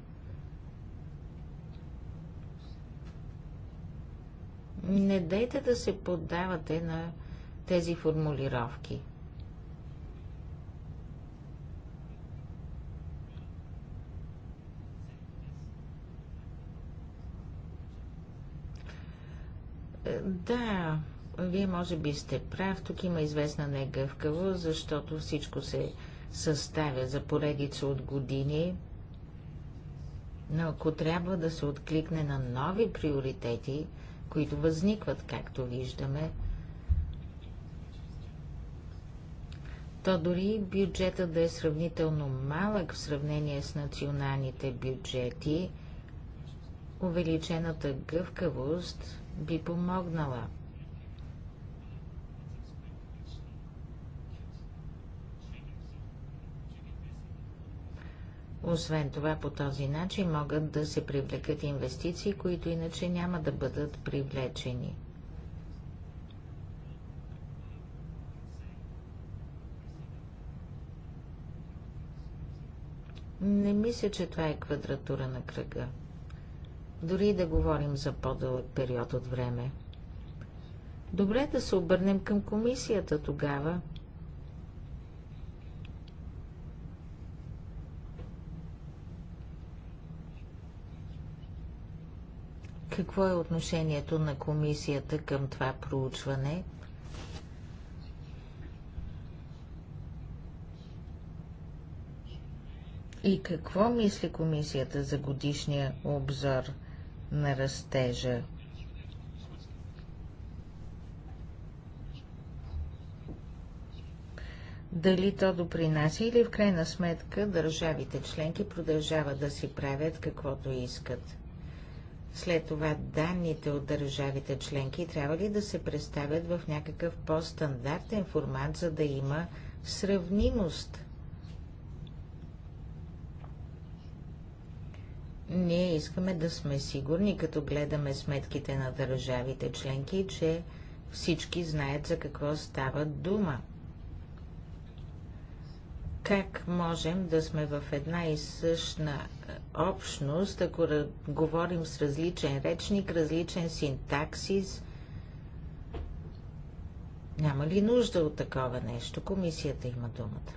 Не дайте да се поддавате на тези формулировки. Да, вие може би сте прав, тук има известна негъвкаво, защото всичко се съставя за поредица от години. Но ако трябва да се откликне на нови приоритети, които възникват, както виждаме, то дори бюджета да е сравнително малък в сравнение с националните бюджети, увеличената гъвкавост би помогнала. Освен това, по този начин могат да се привлекат инвестиции, които иначе няма да бъдат привлечени. Не мисля, че това е квадратура на кръга дори да говорим за по-дълъг период от време. Добре да се обърнем към комисията тогава. Какво е отношението на комисията към това проучване? И какво мисли комисията за годишния обзор? на растежа. Дали то допринася или в крайна сметка държавите членки продължават да си правят каквото искат. След това данните от държавите членки трябва ли да се представят в някакъв по-стандартен формат, за да има сравнимост? Ние искаме да сме сигурни, като гледаме сметките на държавите членки, че всички знаят за какво става дума. Как можем да сме в една и същна е, общност, ако говорим с различен речник, различен синтаксис? Няма ли нужда от такова нещо? Комисията има думата.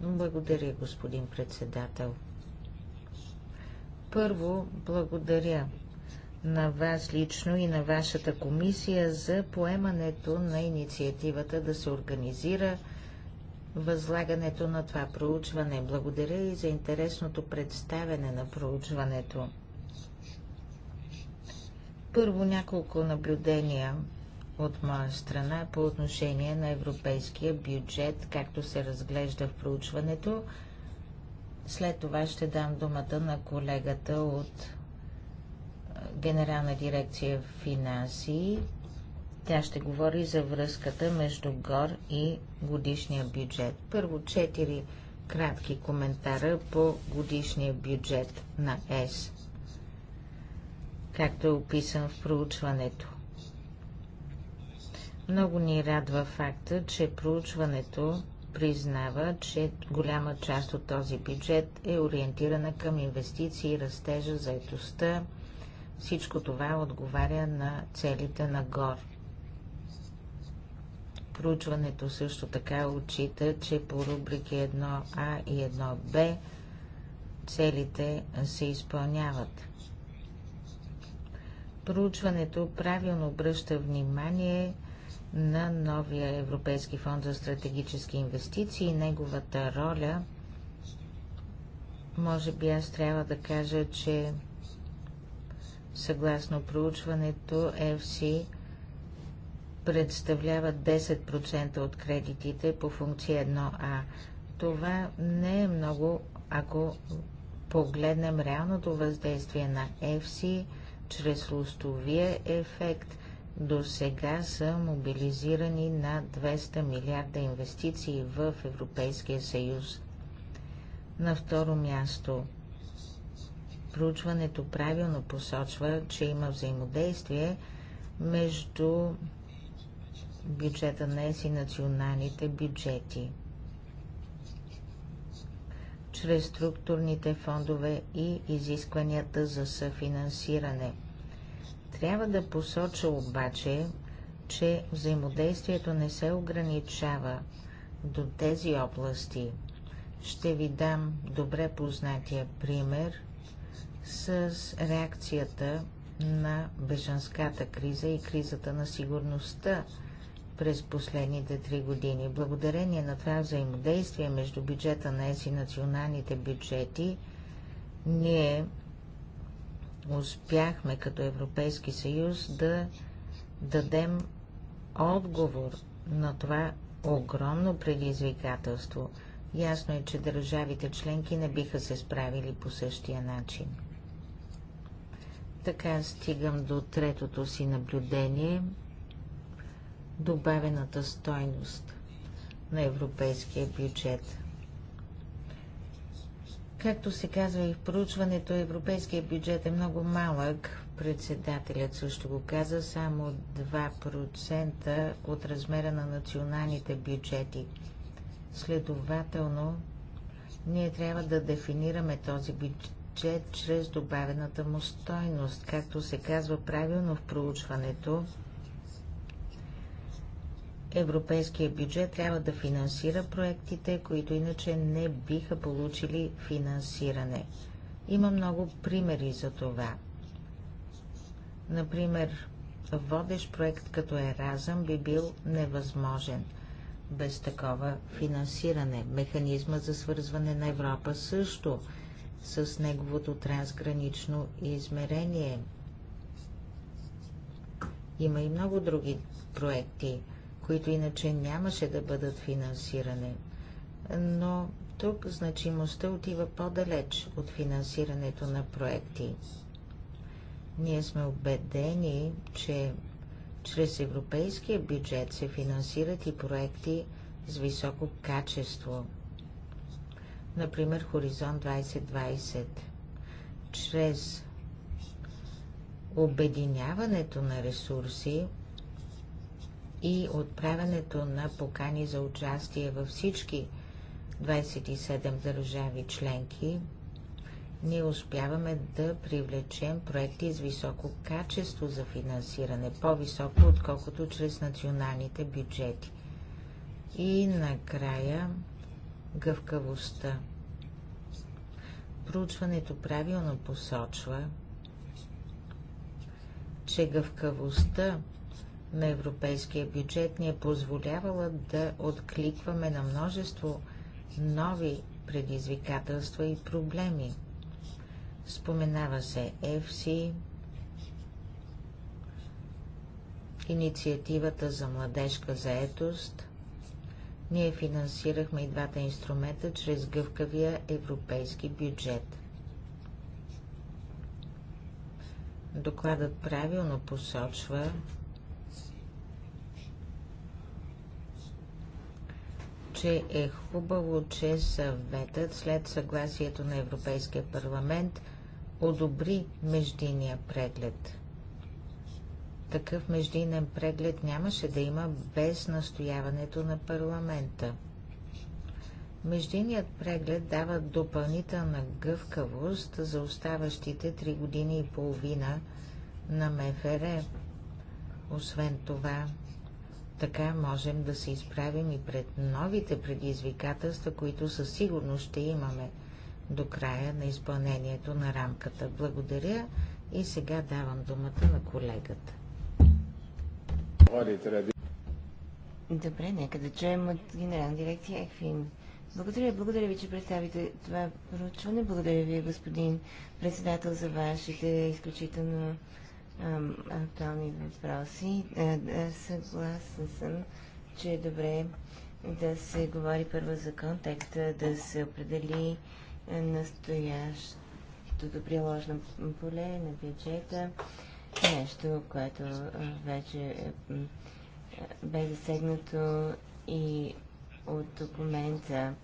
Благодаря, господин председател. Първо, благодаря на вас лично и на вашата комисия за поемането на инициативата да се организира възлагането на това проучване. Благодаря и за интересното представяне на проучването. Първо няколко наблюдения от моя страна по отношение на европейския бюджет, както се разглежда в проучването след това ще дам думата на колегата от е, Генерална дирекция финанси. Тя ще говори за връзката между ГОР и годишния бюджет. Първо четири кратки коментара по годишния бюджет на ЕС, както е описан в проучването. Много ни радва факта, че проучването признава, че голяма част от този бюджет е ориентирана към инвестиции, растежа, заетостта. Всичко това отговаря на целите на ГОР. Проучването също така отчита, че по рубрики 1А и 1Б целите се изпълняват. Проучването правилно обръща внимание на новия Европейски фонд за стратегически инвестиции и неговата роля. Може би аз трябва да кажа, че съгласно проучването FC представлява 10% от кредитите по функция 1А. Това не е много, ако погледнем реалното въздействие на FC чрез лустовия ефект – до сега са мобилизирани над 200 милиарда инвестиции в Европейския съюз. На второ място проучването правилно посочва, че има взаимодействие между бюджета днес и националните бюджети, чрез структурните фондове и изискванията за съфинансиране. Трябва да посоча обаче, че взаимодействието не се ограничава до тези области. Ще ви дам добре познатия пример с реакцията на бежанската криза и кризата на сигурността през последните три години. Благодарение на това взаимодействие между бюджета на ЕС и националните бюджети, ние успяхме като Европейски съюз да дадем отговор на това огромно предизвикателство. Ясно е, че държавите членки не биха се справили по същия начин. Така стигам до третото си наблюдение – добавената стойност на европейския бюджет. Както се казва и в проучването, европейския бюджет е много малък. Председателят също го каза, само 2% от размера на националните бюджети. Следователно, ние трябва да дефинираме този бюджет чрез добавената му стойност. Както се казва правилно в проучването, Европейския бюджет трябва да финансира проектите, които иначе не биха получили финансиране. Има много примери за това. Например, водещ проект като Еразъм би бил невъзможен без такова финансиране. Механизма за свързване на Европа също с неговото трансгранично измерение. Има и много други проекти – които иначе нямаше да бъдат финансирани. Но тук значимостта отива по-далеч от финансирането на проекти. Ние сме убедени, че чрез европейския бюджет се финансират и проекти с високо качество. Например, Хоризонт 2020. Чрез обединяването на ресурси и отправянето на покани за участие във всички 27 държави членки, ние успяваме да привлечем проекти с високо качество за финансиране, по-високо отколкото чрез националните бюджети. И накрая гъвкавостта. Проучването правилно посочва, че гъвкавостта на европейския бюджет ни е позволявала да откликваме на множество нови предизвикателства и проблеми. Споменава се FC, инициативата за младежка заетост. Ние финансирахме и двата инструмента чрез гъвкавия европейски бюджет. Докладът правилно посочва, че е хубаво, че съветът след съгласието на Европейския парламент одобри междиния преглед. Такъв междинен преглед нямаше да има без настояването на парламента. Междиният преглед дава допълнителна гъвкавост за оставащите три години и половина на МФР. Освен това, така можем да се изправим и пред новите предизвикателства, които със сигурност ще имаме до края на изпълнението на рамката. Благодаря и сега давам думата на колегата. Добре, нека да чуем от генерална дирекция Ехвин. Благодаря, благодаря ви, че представите това проучване. Благодаря ви, господин председател, за вашите изключително актуални въпроси. Е, е, съгласна съм, че е добре да се говори първо за контекста, да се определи е, настоящото приложно поле на бюджета, нещо, което вече бе засегнато и от документа,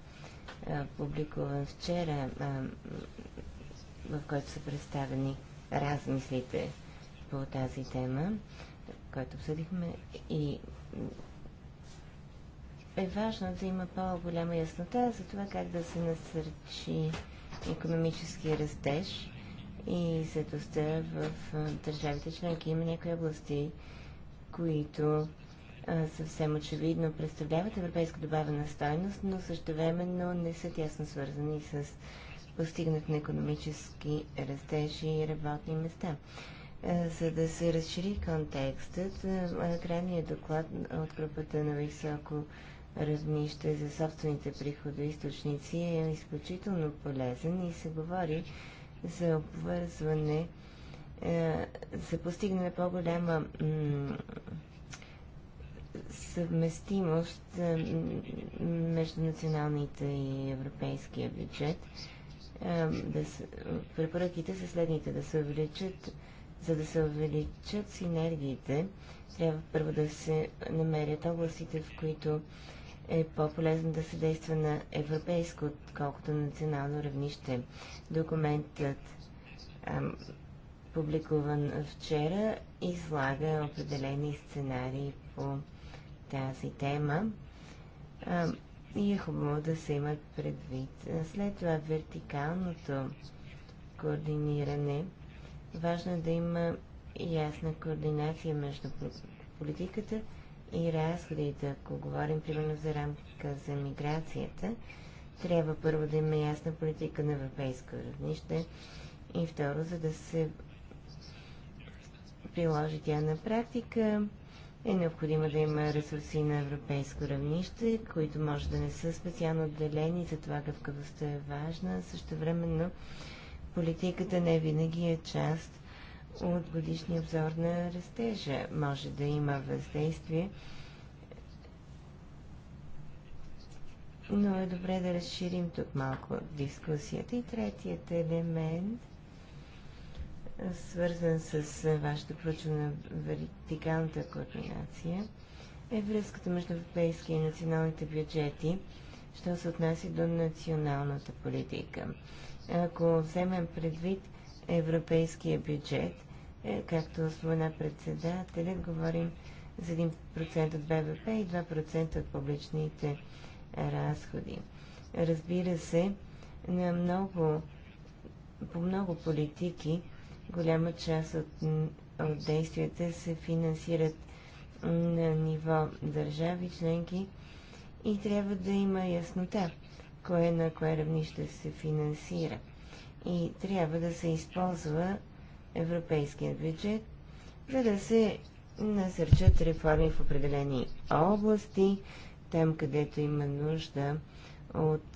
публикуван вчера, в който са представени размислите по тази тема, който обсъдихме и е важно да има по-голяма яснота за това как да се насърчи економически растеж и заедостта в държавите членки. Има някои области, които съвсем очевидно представляват европейска добавена стойност, но същевременно не са тясно свързани с постигнат на економически растежи и работни места. Е, за да се разшири контекстът, е, е, крайният доклад от групата на високо размище за собствените източници е изключително полезен и се говори за обвързване, за постигане по-голяма съвместимост между националните и европейския бюджет. Препоръките са следните да се увеличат за да се увеличат синергиите, трябва първо да се намерят областите, в които е по-полезно да се действа на европейско, отколкото на национално равнище. Документът, ам, публикуван вчера, излага определени сценарии по тази тема Ам, и е хубаво да се имат предвид. След това вертикалното координиране – Важно е да има ясна координация между политиката и разходите. Ако говорим, примерно, за рамка за миграцията, трябва първо да има ясна политика на европейско равнище и второ, за да се приложи тя на практика, е необходимо да има ресурси на европейско равнище, които може да не са специално отделени, затова гъвкавостта е важна. Също времено политиката не винаги е част от годишния обзор на растежа. Може да има въздействие, но е добре да разширим тук малко дискусията. И третият елемент, свързан с вашето проучване на вертикалната координация, е връзката между европейски и националните бюджети, що се отнася до националната политика ако вземем предвид европейския бюджет, е, както спомена председателят, говорим за 1% от БВП и 2% от публичните разходи. Разбира се, на много, по много политики голяма част от, от действията се финансират на ниво държави членки и трябва да има яснота кое на кое равнище се финансира. И трябва да се използва европейския бюджет, за да се насърчат реформи в определени области, там където има нужда от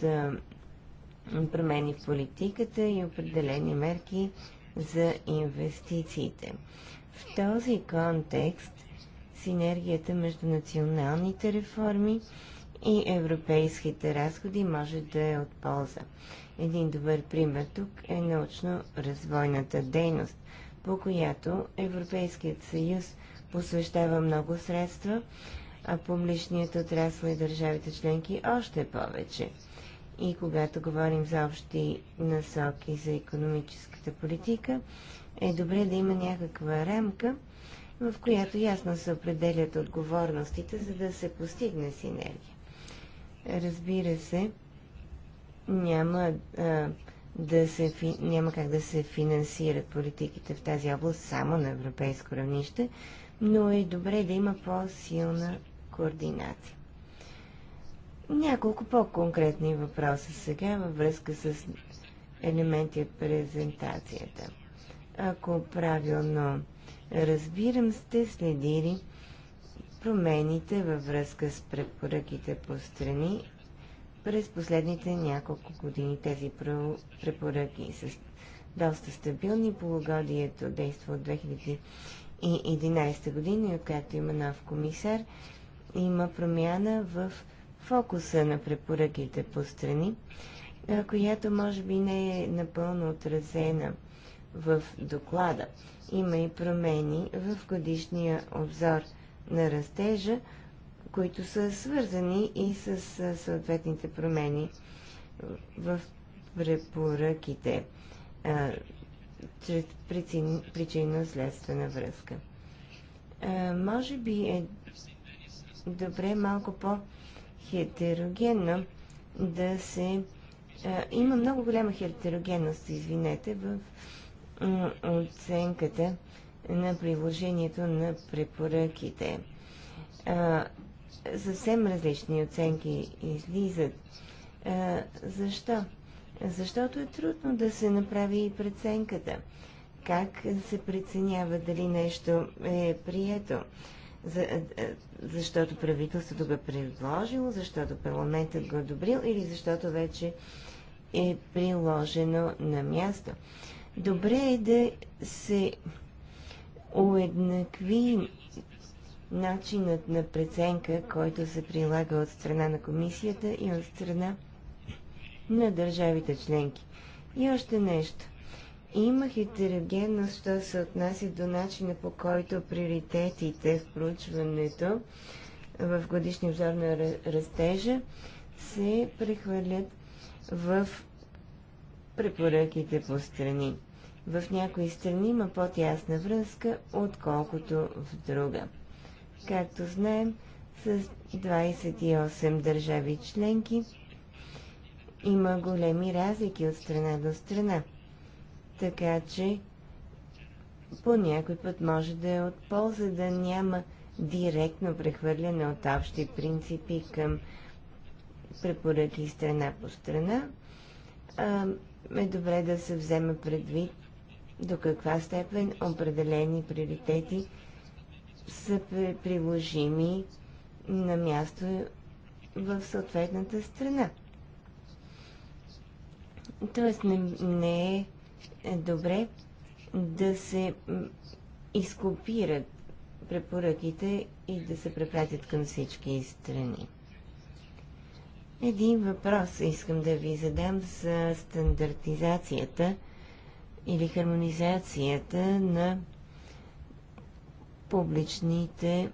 промени в политиката и определени мерки за инвестициите. В този контекст синергията между националните реформи и европейските разходи може да е от полза. Един добър пример тук е научно-развойната дейност, по която Европейският съюз посвещава много средства, а публичният отрасъл и държавите членки още повече. И когато говорим за общи насоки за економическата политика, е добре да има някаква рамка, в която ясно се определят отговорностите, за да се постигне синергия разбира се, няма, а, да се, няма как да се финансират политиките в тази област само на европейско равнище, но е добре да има по-силна координация. Няколко по-конкретни въпроса сега във връзка с елементи от презентацията. Ако правилно разбирам, сте следили промените във връзка с препоръките по страни през последните няколко години. Тези препоръки са доста стабилни. Полугодието действа от 2011 година и откакто има нов комисар, има промяна в фокуса на препоръките по страни, която може би не е напълно отразена в доклада. Има и промени в годишния обзор – на растежа, които са свързани и с съответните промени в препоръките чрез причинно-следствена връзка. А, може би е добре малко по-хетерогенно да се... А, има много голяма хетерогенност, извинете, в оценката на приложението на препоръките. А, съвсем различни оценки излизат. А, защо? Защото е трудно да се направи и преценката. Как се преценява дали нещо е прието? За, защото правителството го е предложило, защото парламентът го е одобрил или защото вече е приложено на място. Добре е да се уеднакви начинът на преценка, който се прилага от страна на комисията и от страна на държавите членки. И още нещо. Има хетерогенност, що се отнася до начина по който приоритетите в проучването в годишния обзор на растежа се прехвърлят в препоръките по страни. В някои страни има по-тясна връзка, отколкото в друга. Както знаем, с 28 държави членки има големи разлики от страна до страна. Така че по някой път може да е от полза да няма директно прехвърляне от общи принципи към препоръки страна по страна, а, е добре да се вземе предвид до каква степен определени приоритети са приложими на място в съответната страна. Тоест не, не е добре да се изкопират препоръките и да се препратят към всички страни. Един въпрос искам да ви задам за стандартизацията – или хармонизацията на публичните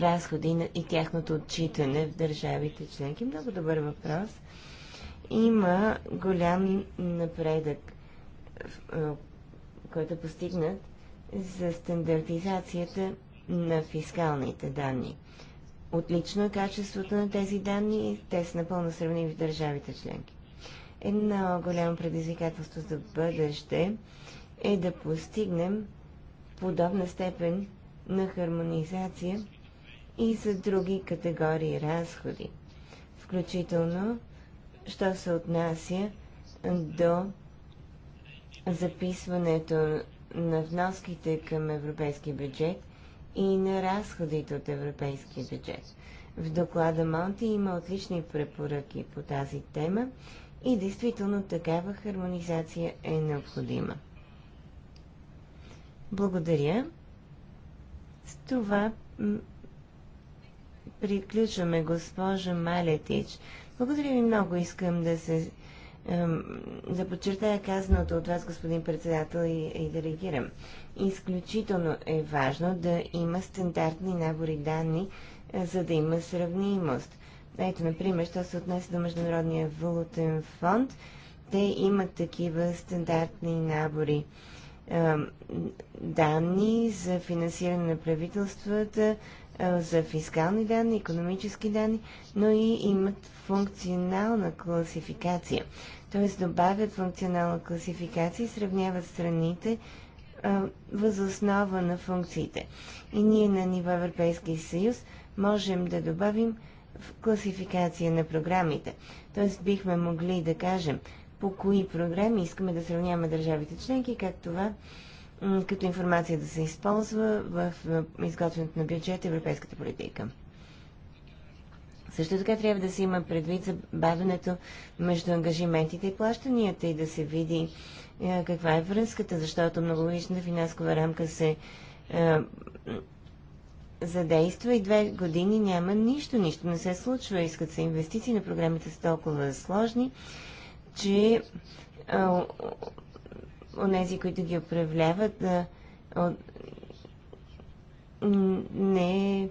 разходи и тяхното отчитане в държавите членки? Много добър въпрос. Има голям напредък, който е постигнат за стандартизацията на фискалните данни. Отлично е качеството на тези данни, те са напълно сравними в държавите членки едно голямо предизвикателство за бъдеще е да постигнем подобна степен на хармонизация и за други категории разходи, включително, що се отнася до записването на вноските към европейски бюджет и на разходите от европейски бюджет. В доклада Монти има отлични препоръки по тази тема и действително такава хармонизация е необходима. Благодаря. С това приключваме, госпожа Малетич. Благодаря ви много. Искам да се да подчертая казаното от вас, господин председател, и, и да реагирам. Изключително е важно да има стандартни набори данни, е, за да има сравнимост. Ето, например, що се отнесе до Международния валутен фонд, те имат такива стандартни набори данни за финансиране на правителствата, за фискални данни, економически данни, но и имат функционална класификация. Т.е. добавят функционална класификация и сравняват страните възоснова на функциите. И ние на ниво Европейски съюз можем да добавим класификация на програмите. Тоест бихме могли да кажем по кои програми искаме да сравняваме държавите членки, как това като информация да се използва в е, изготвянето на бюджет европейската политика. Също така трябва да се има предвид забавянето между ангажиментите и плащанията и да се види е, каква е връзката, защото многогодишната финансова рамка се е, задейства и две години няма нищо, нищо не се случва. Искат се инвестиции, на програмите са толкова сложни, че онези, които ги управляват, а, от, не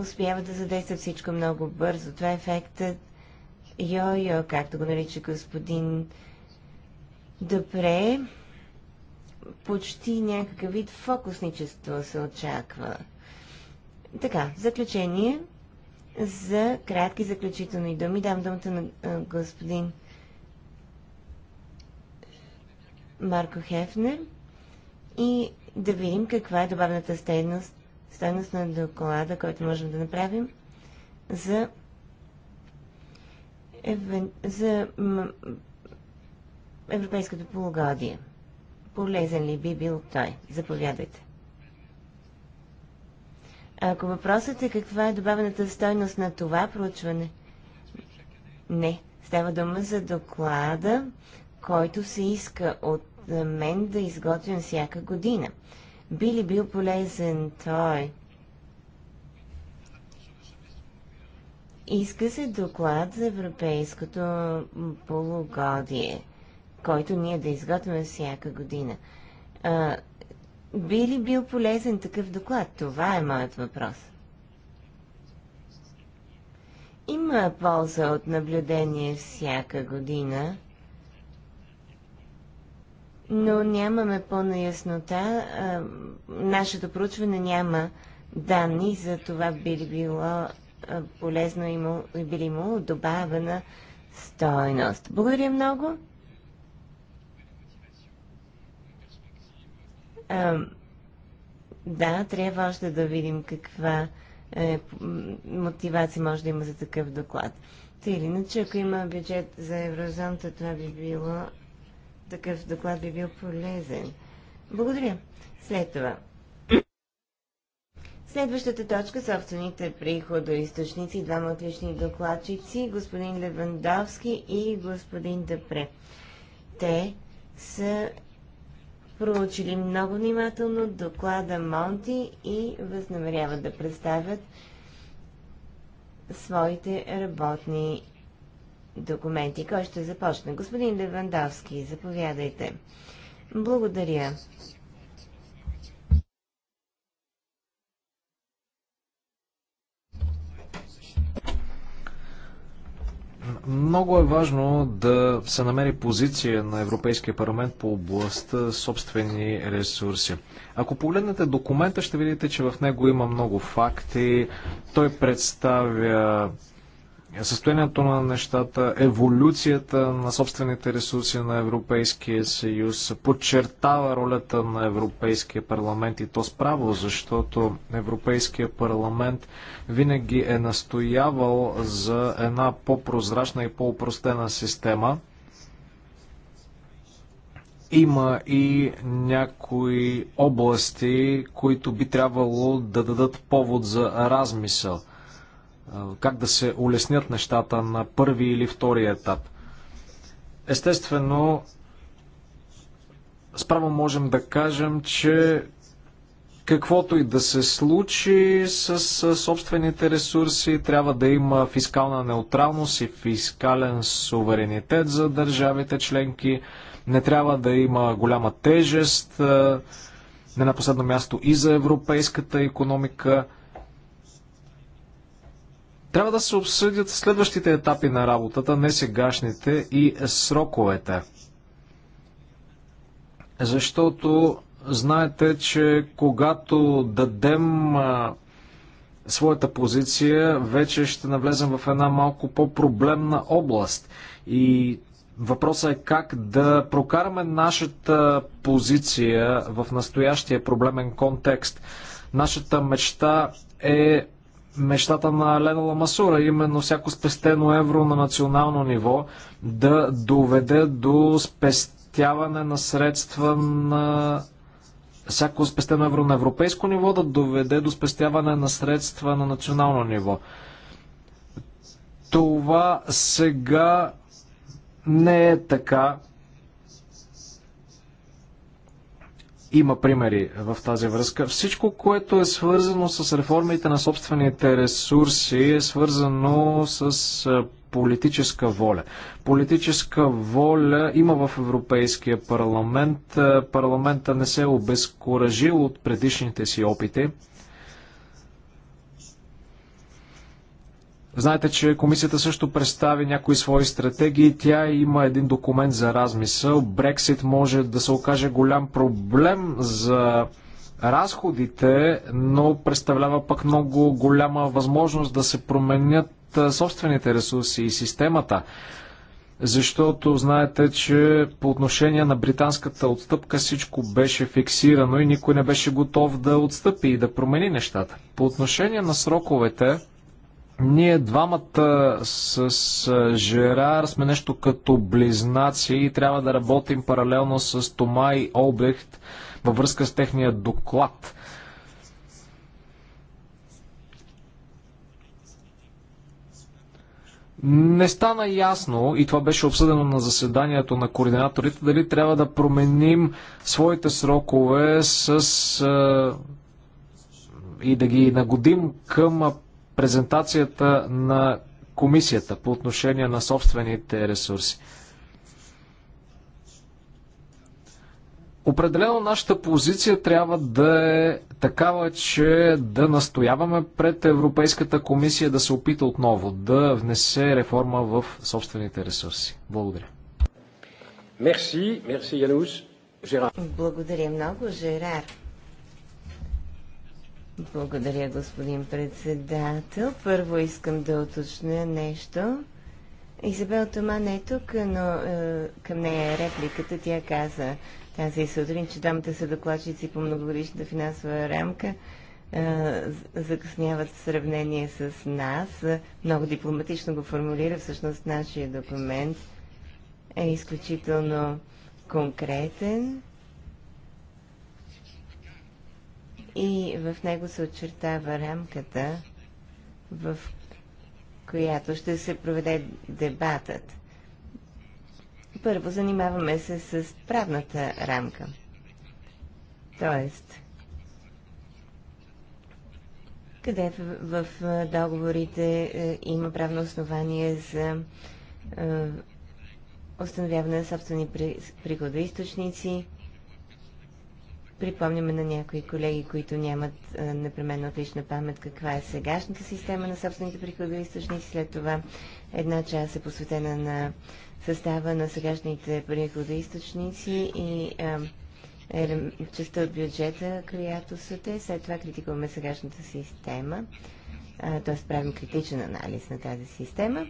успяват да задействат всичко много бързо. Това е ефектът йо-йо, както го нарича господин Дъпре. Почти някакъв вид фокусничество се очаква. Така, заключение, за кратки заключителни думи, дам думата на господин Марко Хефнер и да видим каква е добавната стойност, стойност на доклада, който можем да направим за, евен... за европейското полугодие. Полезен ли би бил той? Заповядайте. Ако въпросът е каква е добавената стойност на това проучване, не. Става дума за доклада, който се иска от мен да изготвям всяка година. Би ли бил полезен той? Иска се доклад за европейското полугодие, който ние да изготвяме всяка година. А, би ли бил полезен такъв доклад? Това е моят въпрос. Има полза от наблюдение всяка година, но нямаме пълна яснота. Нашето проучване няма данни за това би ли било полезно и би ли му добавена стойност. Благодаря много. А, да, трябва още да видим каква е, мотивация може да има за такъв доклад. Та или иначе, ако има бюджет за еврозоната, това би било, такъв доклад би бил полезен. Благодаря. След това. Следващата точка – собствените приходоисточници, двама отлични докладчици, господин Левандовски и господин Депре. Те са проучили много внимателно доклада Монти и възнамеряват да представят своите работни документи. Кой ще започне? Господин Левандовски, заповядайте. Благодаря. Много е важно да се намери позиция на Европейския парламент по областта собствени ресурси. Ако погледнете документа, ще видите, че в него има много факти. Той представя състоянието на нещата, еволюцията на собствените ресурси на Европейския съюз, подчертава ролята на Европейския парламент и то справо, защото Европейския парламент винаги е настоявал за една по-прозрачна и по-упростена система. Има и някои области, които би трябвало да дадат повод за размисъл – как да се улеснят нещата на първи или втори етап. Естествено, справо можем да кажем, че каквото и да се случи с, с собствените ресурси, трябва да има фискална неутралност и фискален суверенитет за държавите членки. Не трябва да има голяма тежест, не на последно място и за европейската економика. Трябва да се обсъдят следващите етапи на работата, не сегашните и сроковете. Защото знаете, че когато дадем своята позиция, вече ще навлезем в една малко по-проблемна област. И въпросът е как да прокараме нашата позиция в настоящия проблемен контекст. Нашата мечта е мечтата на Лена Ламасура, именно всяко спестено евро на национално ниво да доведе до спестяване на средства на всяко спестено евро на европейско ниво да доведе до спестяване на средства на национално ниво. Това сега не е така. Има примери в тази връзка. Всичко, което е свързано с реформите на собствените ресурси, е свързано с политическа воля. Политическа воля има в Европейския парламент. Парламента не се е обезкуражил от предишните си опити. Знаете, че комисията също представи някои свои стратегии. Тя има един документ за размисъл. Брексит може да се окаже голям проблем за разходите, но представлява пък много голяма възможност да се променят собствените ресурси и системата. Защото знаете, че по отношение на британската отстъпка всичко беше фиксирано и никой не беше готов да отстъпи и да промени нещата. По отношение на сроковете, ние двамата с, с Жерар сме нещо като близнаци и трябва да работим паралелно с Тома и Обрехт във връзка с техния доклад. Не стана ясно, и това беше обсъдено на заседанието на координаторите, дали трябва да променим своите срокове с. Е, и да ги нагодим към презентацията на комисията по отношение на собствените ресурси. Определено нашата позиция трябва да е такава, че да настояваме пред Европейската комисия да се опита отново да внесе реформа в собствените ресурси. Благодаря. Мерси, мерси Янус. Благодаря много, Жерар. Благодаря, господин председател. Първо искам да уточня нещо. Изабел Тома не е тук, но е, към нея е репликата. Тя каза тази сутрин, че дамата са докладчици по многогодишната финансова рамка е, закъсняват в сравнение с нас. Много дипломатично го формулира. Всъщност нашия документ е изключително конкретен и в него се очертава рамката, в която ще се проведе дебатът. Първо занимаваме се с правната рамка. Тоест, къде в, в договорите е, има правно основание за е, установяване на собствени при, приходоисточници, Припомняме на някои колеги, които нямат а, непременно отлична памет, каква е сегашната система на собствените приходови източници. След това една част е посветена на състава на сегашните приходоисточници и а, частта от бюджета, която са те. След това критикуваме сегашната система, т.е. правим критичен анализ на тази система.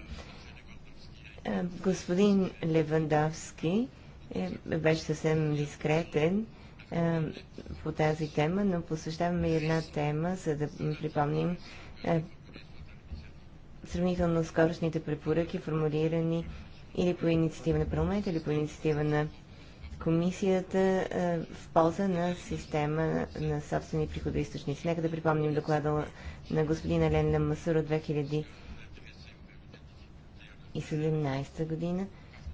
А, господин Левандовски е, беше съвсем дискретен е, по тази тема, но посвещаваме и една тема, за да припомним е, сравнително скорошните препоръки, формулирани или по инициатива на парламент, или по инициатива на комисията е, в полза на система на, собствени приходоисточници. Нека да припомним доклада на господина Ленна Масур от 2017 година.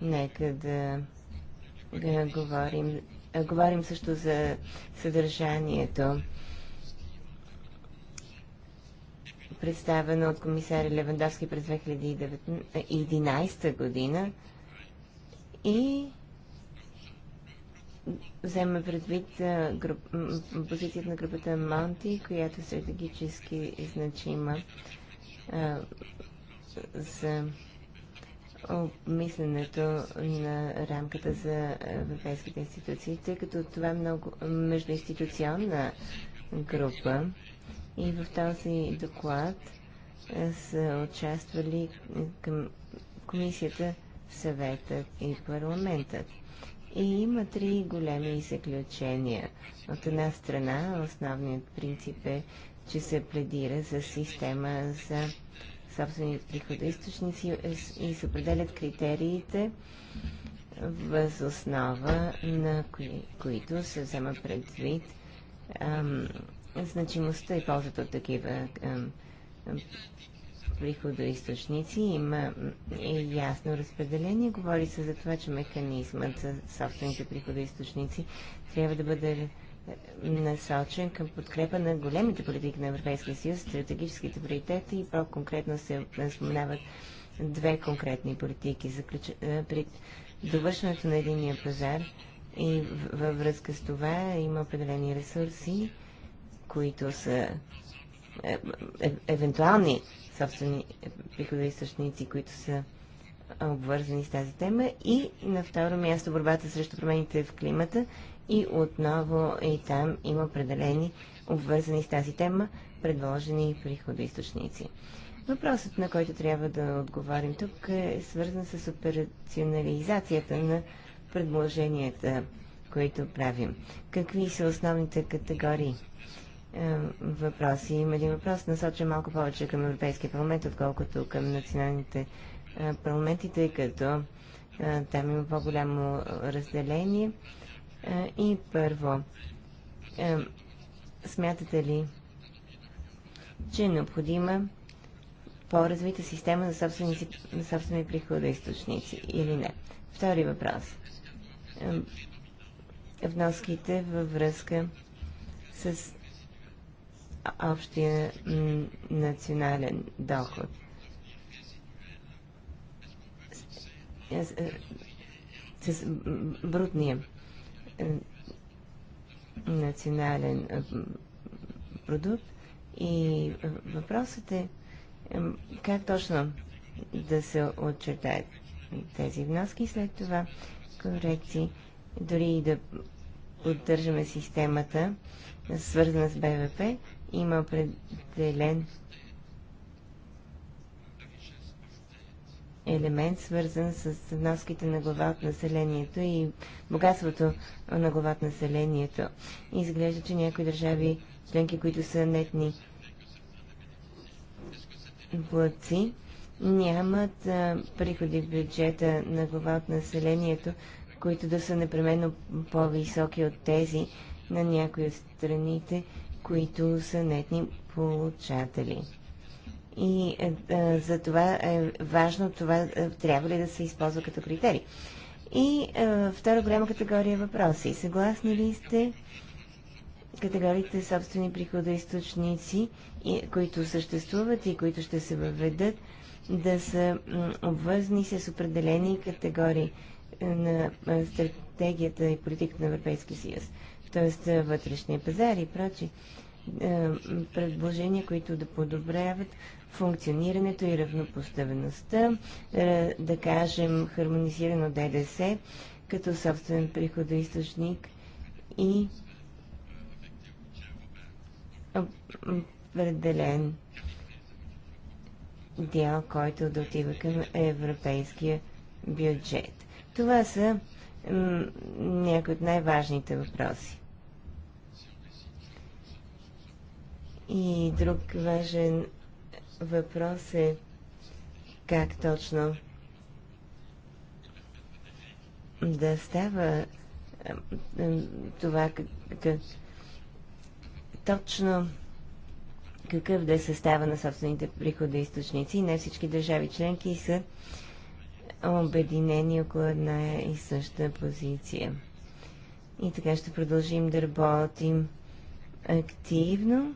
Нека да, да говорим е, говорим също за съдържанието, представено от комисаря Левандовски през 2011 е, година и взема предвид е, груп, позицията на групата Монти, която е стратегически значима а, за обмисленето на рамката за европейските институции, тъй като това е много междуинституционна група и в този доклад е, са участвали към комисията, съвета и парламентът. И има три големи заключения. От една страна, основният принцип е, че се пледира за система за собствени приходоисточници и се определят критериите, въз основа на кои, които се взема предвид ам, значимостта и ползата от такива ам, приходоисточници. Има е ясно разпределение. Говори се за това, че механизмът за собствените приходоисточници трябва да бъде насочен към подкрепа на големите политики на Европейския съюз, стратегическите приоритети и по-конкретно се споменават две конкретни политики. Заключ... Е, при довършването на единия пазар и във връзка с това има определени ресурси, които са е, е, евентуални собствени приходоисточници, които са обвързани с тази тема. И на второ място борбата срещу промените в климата и отново и там има определени, обвързани с тази тема, предложени приходоисточници. Въпросът, на който трябва да отговорим тук, е свързан с операционализацията на предложенията, които правим. Какви са основните категории? Е, въпроси. Има един въпрос, насочен малко повече към Европейския парламент, отколкото към националните е, парламенти, тъй като е, там има по-голямо разделение. Е, и първо, е, смятате ли, че е необходима по-развита система за собствени, собствени източници или не? Втори въпрос. Е, вноските във връзка с общия национален доход. С, с брутния национален продукт. И въпросът е как точно да се отчертаят тези вноски след това корекции, дори и да поддържаме системата, свързана с БВП, има определен елемент, свързан с вноските на глава от населението и богатството на глава от населението. И изглежда, че някои държави, членки, които са нетни платци, нямат а, приходи в бюджета на глава от населението, които да са непременно по-високи от тези на някои от страните, които са нетни получатели и е, е, за това е важно това е, трябва ли да се използва като критерий. И е, втора голяма категория въпроси. Съгласни ли сте категориите собствени приходоисточници, и, които съществуват и които ще се въведат, да са обвързани с определени категории е, на е, стратегията и политиката на Европейския съюз, т.е. вътрешния пазар и прочие. Е, предложения, които да подобряват функционирането и равнопоставеността, е, да кажем хармонизирано ДДС като собствен приходоисточник и определен дял, който да отива към европейския бюджет. Това са някои от най-важните въпроси. И друг важен въпрос е как точно да става е, е, това как, точно какъв да се състава на собствените източници, Не всички държави членки са обединени около една и съща позиция. И така ще продължим да работим активно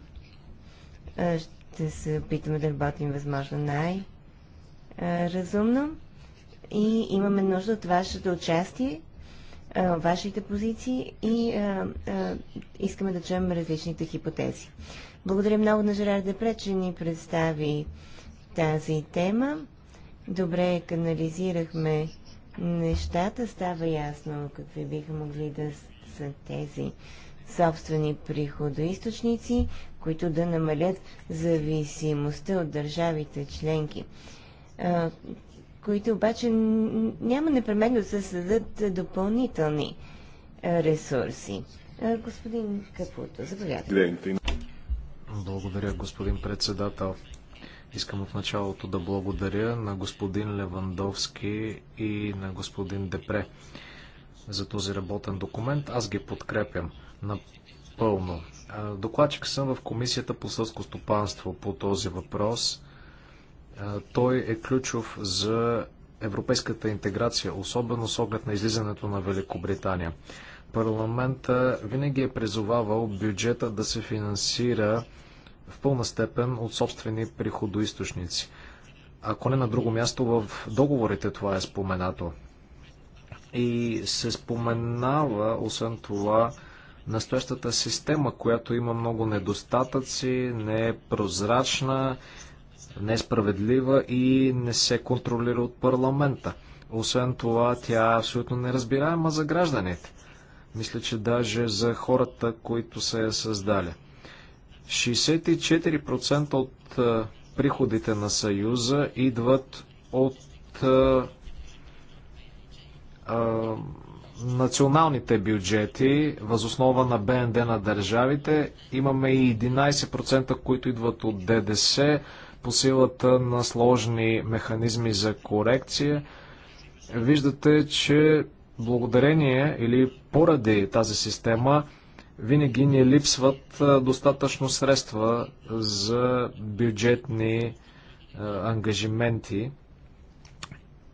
е, ще се опитаме да работим възможно най-разумно и имаме нужда от вашето участие, е, вашите позиции и е, искаме да чуем различните хипотези. Благодаря много на Жерар Депре, че ни представи тази тема. Добре канализирахме нещата, става ясно какви биха могли да са тези собствени приходоисточници, които да намалят зависимостта от държавите членки, които обаче няма непременно да се създадат допълнителни ресурси. Господин Капуто, заповядайте. Благодаря, господин председател. Искам от началото да благодаря на господин Левандовски и на господин Депре за този работен документ. Аз ги подкрепям напълно. Докладчик съм в Комисията по сълско стопанство по този въпрос. Той е ключов за европейската интеграция, особено с оглед на излизането на Великобритания. Парламента винаги е призовавал бюджета да се финансира в пълна степен от собствени приходоисточници. Ако не на друго място, в договорите това е споменато. И се споменава, освен това, настоящата система, която има много недостатъци, не е прозрачна, не е справедлива и не се контролира от парламента. Освен това, тя е абсолютно неразбираема за гражданите. Мисля, че даже за хората, които са я създали. 64% от приходите на Съюза идват от а, а, националните бюджети, възоснова на БНД на държавите, имаме и 11%, които идват от ДДС по силата на сложни механизми за корекция. Виждате, че благодарение или поради тази система винаги ни липсват достатъчно средства за бюджетни ангажименти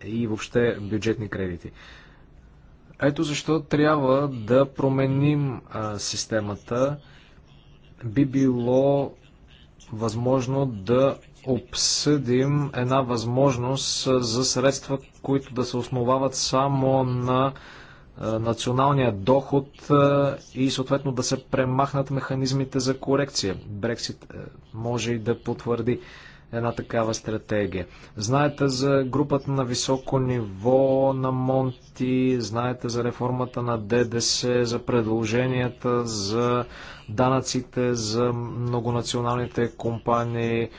и въобще бюджетни кредити. Ето защо трябва да променим а, системата. Би било възможно да обсъдим една възможност за средства, които да се основават само на националния доход и съответно да се премахнат механизмите за корекция. Брексит може и да потвърди една такава стратегия. Знаете за групата на високо ниво на Монти, знаете за реформата на ДДС, за предложенията, за данъците, за многонационалните компании, е,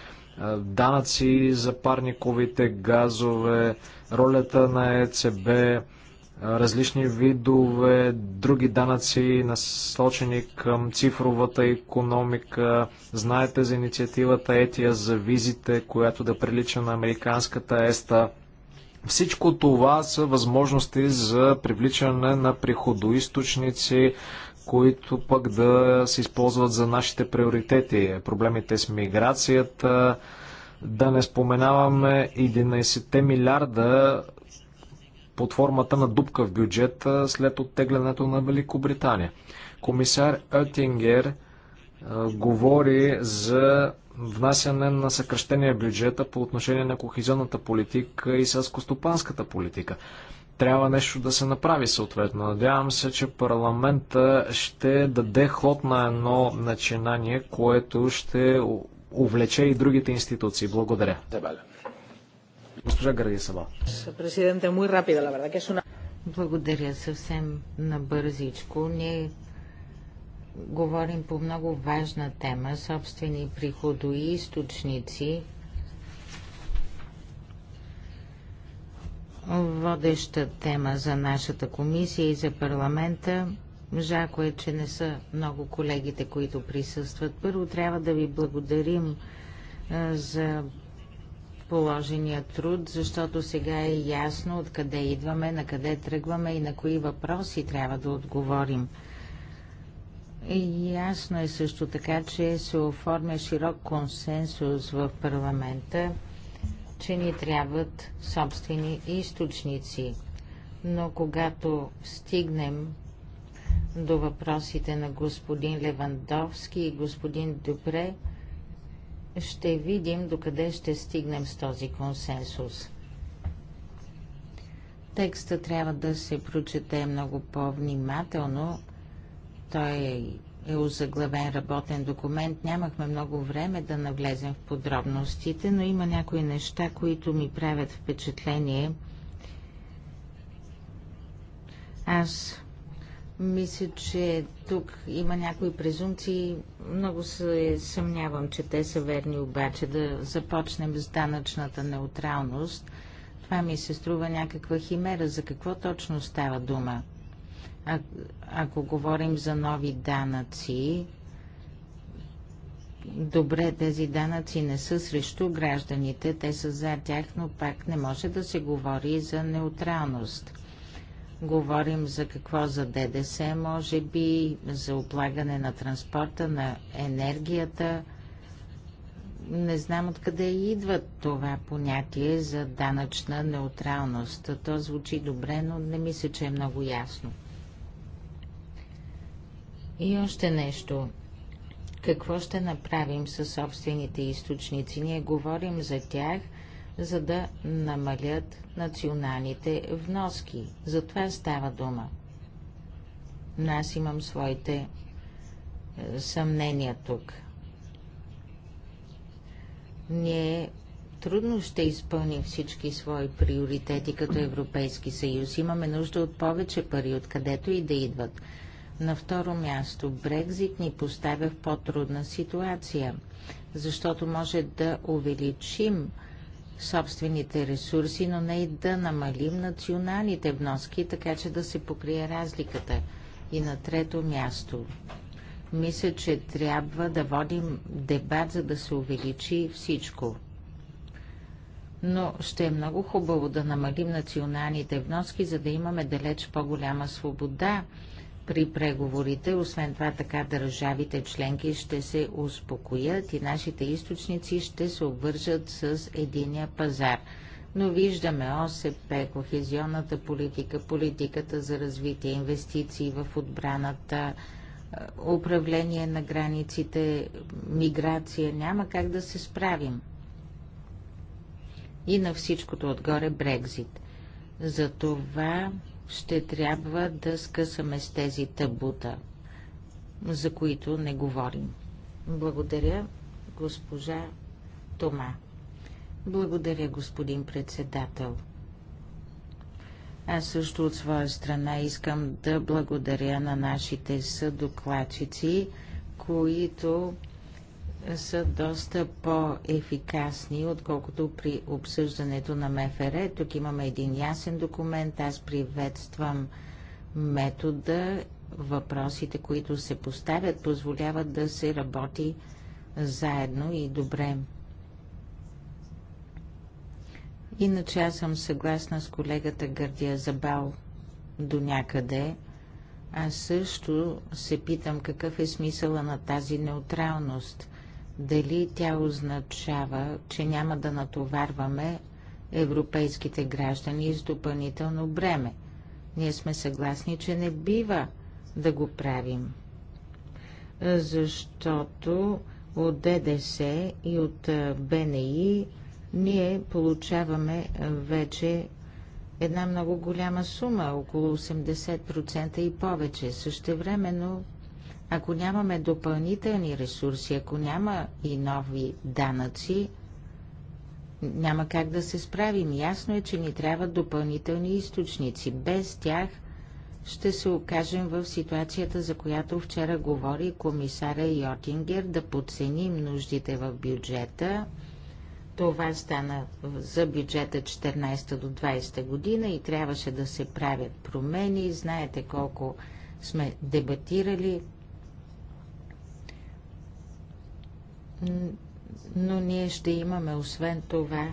данъци за парниковите газове, ролята на ЕЦБ, различни видове, други данъци, насочени към цифровата економика. Знаете за инициативата Етия за визите, която да прилича на американската ЕСТА. Всичко това са възможности за привличане на приходоисточници, които пък да се използват за нашите приоритети. Проблемите с миграцията, да не споменаваме 11 милиарда под формата на дупка в бюджета след оттеглянето на Великобритания. Комисар Оттингер говори за внасяне на съкръщение бюджета по отношение на кохизионната политика и селскостопанската политика. Трябва нещо да се направи съответно. Надявам се, че парламента ще даде ход на едно начинание, което ще увлече и другите институции. Благодаря. Дебеля. Госпожа Гаргисова. Благодаря съвсем набързичко. Ние говорим по много важна тема собствени източници. Водеща тема за нашата комисия и за парламента. Жако е, че не са много колегите, които присъстват. Първо трябва да ви благодарим за положения труд, защото сега е ясно откъде идваме, на къде тръгваме и на кои въпроси трябва да отговорим. И ясно е също така, че се оформя широк консенсус в парламента, че ни трябват собствени източници. Но когато стигнем до въпросите на господин Левандовски и господин Дупре, ще видим докъде ще стигнем с този консенсус. Текста трябва да се прочете много по-внимателно. Той е озаглавен работен документ. Нямахме много време да навлезем в подробностите, но има някои неща, които ми правят впечатление. Аз мисля, че тук има някои презумции. Много се съмнявам, че те са верни, обаче да започнем с данъчната неутралност. Това ми се струва някаква химера. За какво точно става дума? А, ако говорим за нови данъци, добре, тези данъци не са срещу гражданите, те са за тях, но пак не може да се говори за неутралност. Говорим за какво за ДДС, може би, за облагане на транспорта, на енергията. Не знам откъде идва това понятие за данъчна неутралност. То звучи добре, но не мисля, че е много ясно. И още нещо. Какво ще направим със собствените източници? Ние говорим за тях – за да намалят националните вноски. За това става дума. Но аз имам своите е, съмнения тук. Ние трудно ще изпълним всички свои приоритети като Европейски съюз. Имаме нужда от повече пари, откъдето и да идват. На второ място, Брекзит ни поставя в по-трудна ситуация, защото може да увеличим собствените ресурси, но не и да намалим националните вноски, така че да се покрие разликата. И на трето място, мисля, че трябва да водим дебат, за да се увеличи всичко. Но ще е много хубаво да намалим националните вноски, за да имаме далеч по-голяма свобода при преговорите. Освен това, така държавите членки ще се успокоят и нашите източници ще се обвържат с единия пазар. Но виждаме ОСП, кохезионната политика, политиката за развитие, инвестиции в отбраната, е, управление на границите, миграция. Няма как да се справим. И на всичкото отгоре Брекзит. Затова ще трябва да скъсаме с тези табута, за които не говорим. Благодаря, госпожа Тома. Благодаря, господин председател. Аз също от своя страна искам да благодаря на нашите съдокладчици, които са доста по-ефикасни, отколкото при обсъждането на МФР. Тук имаме един ясен документ. Аз приветствам метода. Въпросите, които се поставят, позволяват да се работи заедно и добре. Иначе аз съм съгласна с колегата Гърдия Забал до някъде. Аз също се питам какъв е смисъла на тази неутралност дали тя означава, че няма да натоварваме европейските граждани с допълнително бреме. Ние сме съгласни, че не бива да го правим, защото от ДДС и от БНИ ние получаваме вече една много голяма сума, около 80% и повече. времено ако нямаме допълнителни ресурси, ако няма и нови данъци, няма как да се справим. Ясно е, че ни трябват допълнителни източници. Без тях ще се окажем в ситуацията, за която вчера говори комисаря Йотингер, да подценим нуждите в бюджета. Това стана за бюджета 14 до 20 година и трябваше да се правят промени. Знаете колко сме дебатирали но ние ще имаме освен това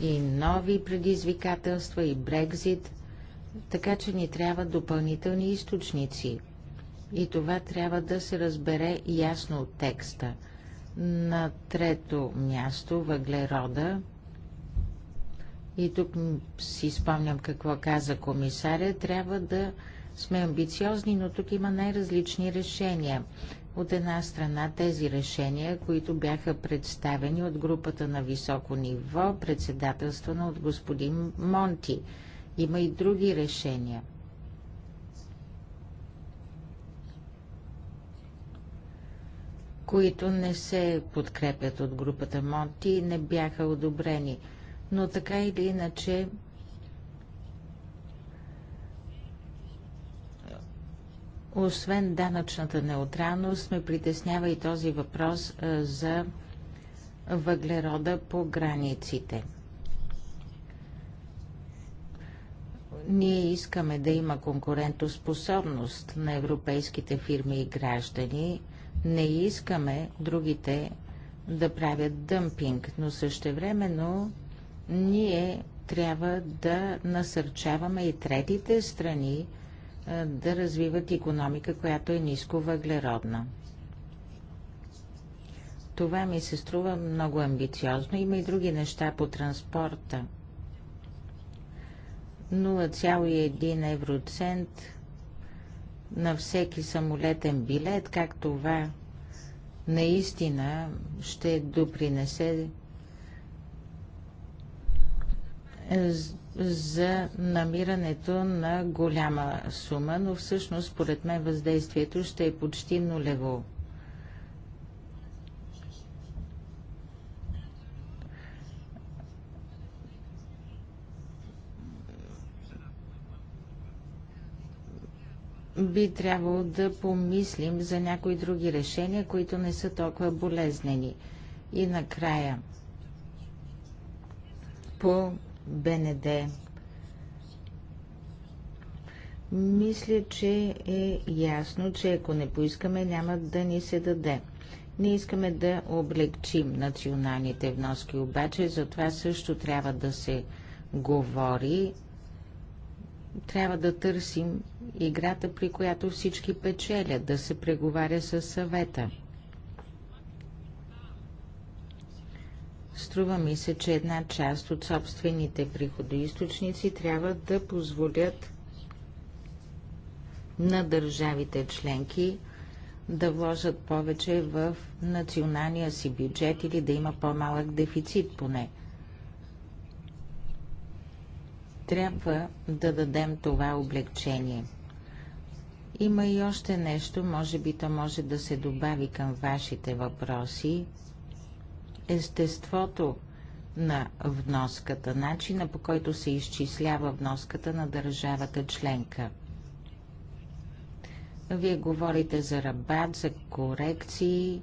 и нови предизвикателства, и Брекзит, така че ни трябва допълнителни източници. И това трябва да се разбере ясно от текста. На трето място въглерода. И тук си спомням какво каза комисаря. Трябва да сме амбициозни, но тук има най-различни решения. От една страна тези решения, които бяха представени от групата на високо ниво, председателствана от господин Монти. Има и други решения. които не се подкрепят от групата Монти и не бяха одобрени. Но така или иначе Освен данъчната неутралност, ме притеснява и този въпрос за въглерода по границите. Ние искаме да има конкурентоспособност на европейските фирми и граждани. Не искаме другите да правят дъмпинг, но същевременно ние трябва да насърчаваме и третите страни, да развиват економика, която е ниско въглеродна. Това ми се струва много амбициозно. Има и други неща по транспорта. 0,1 евроцент на всеки самолетен билет, как това наистина ще допринесе за намирането на голяма сума, но всъщност, според мен, въздействието ще е почти нулево. би трябвало да помислим за някои други решения, които не са толкова болезнени. И накрая, по БНД. Мисля, че е ясно, че ако не поискаме, няма да ни се даде. Не искаме да облегчим националните вноски, обаче за това също трябва да се говори. Трябва да търсим играта, при която всички печелят, да се преговаря с съвета. Струва ми се, че една част от собствените приходоисточници трябва да позволят на държавите членки да вложат повече в националния си бюджет или да има по-малък дефицит поне. Трябва да дадем това облегчение. Има и още нещо, може би то може да се добави към вашите въпроси, естеството на вноската, начина по който се изчислява вноската на държавата членка. Вие говорите за рабат, за корекции.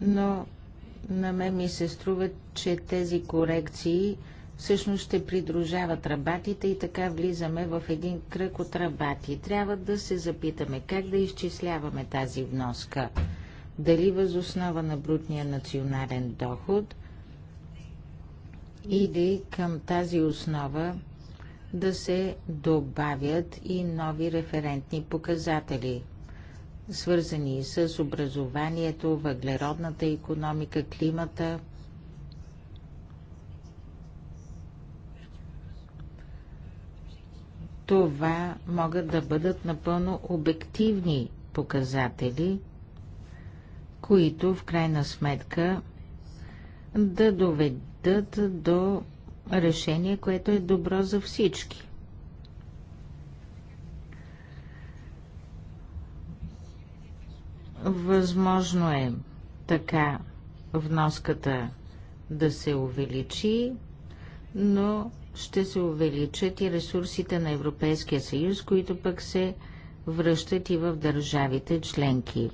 Но на мен ми се струва, че тези корекции всъщност ще придружават рабатите и така влизаме в един кръг от рабати. Трябва да се запитаме как да изчисляваме тази вноска. Дали възоснова на брутния национален доход или към тази основа да се добавят и нови референтни показатели, свързани с образованието, въглеродната економика, климата – Това могат да бъдат напълно обективни показатели, които в крайна сметка да доведат до решение, което е добро за всички. Възможно е така вноската да се увеличи, но ще се увеличат и ресурсите на Европейския съюз, които пък се връщат и в държавите членки.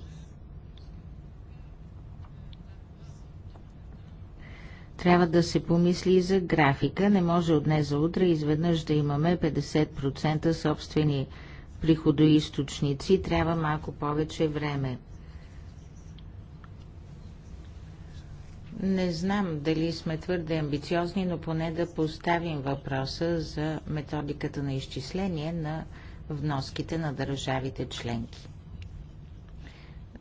Трябва да се помисли и за графика. Не може от днес за утре изведнъж да имаме 50% собствени приходоисточници. Трябва малко повече време. Не знам дали сме твърде амбициозни, но поне да поставим въпроса за методиката на изчисление на вноските на държавите членки.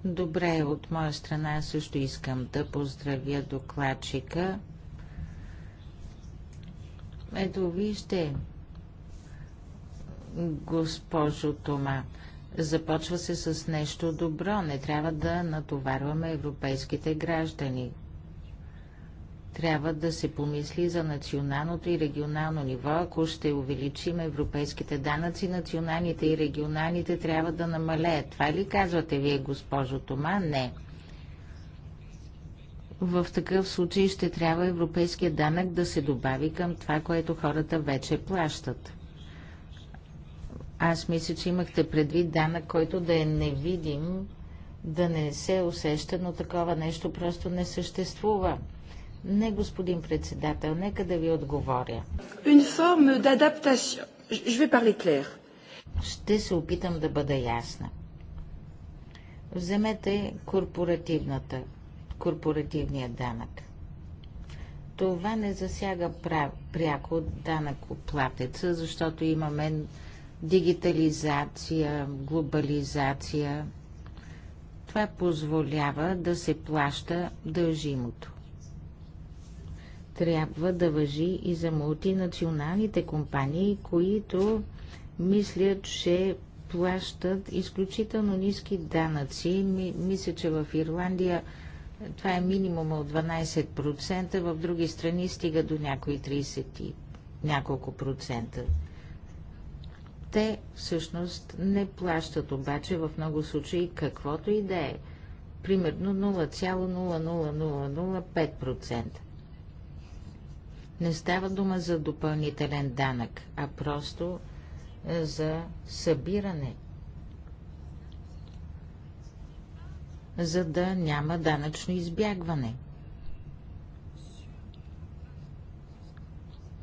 Добре, от моя страна също искам да поздравя докладчика. Ето вижте, госпожо Тома, започва се с нещо добро. Не трябва да натоварваме европейските граждани. Трябва да се помисли за националното и регионално ниво. Ако ще увеличим европейските данъци, националните и регионалните трябва да намалеят. Това ли казвате вие, госпожо Тома? Не. В такъв случай ще трябва европейския данък да се добави към това, което хората вече плащат. Аз мисля, че имахте предвид данък, който да е невидим, да не се усеща, но такова нещо просто не съществува. Не, господин председател, нека да ви отговоря. Une forme d'adaptation. Je vais parler clair. Ще се опитам да бъда ясна. Вземете корпоративната, корпоративния данък. Това не засяга прав, пряко платеца, защото имаме дигитализация, глобализация. Това позволява да се плаща дължимото трябва да въжи и за мултинационалните компании, които мислят, че плащат изключително ниски данъци. Мисля, че в Ирландия това е минимума от 12%, в други страни стига до някои 30 и няколко процента. Те всъщност не плащат обаче в много случаи каквото и да е. Примерно 0,00005%. Не става дума за допълнителен данък, а просто е, за събиране, за да няма данъчно избягване.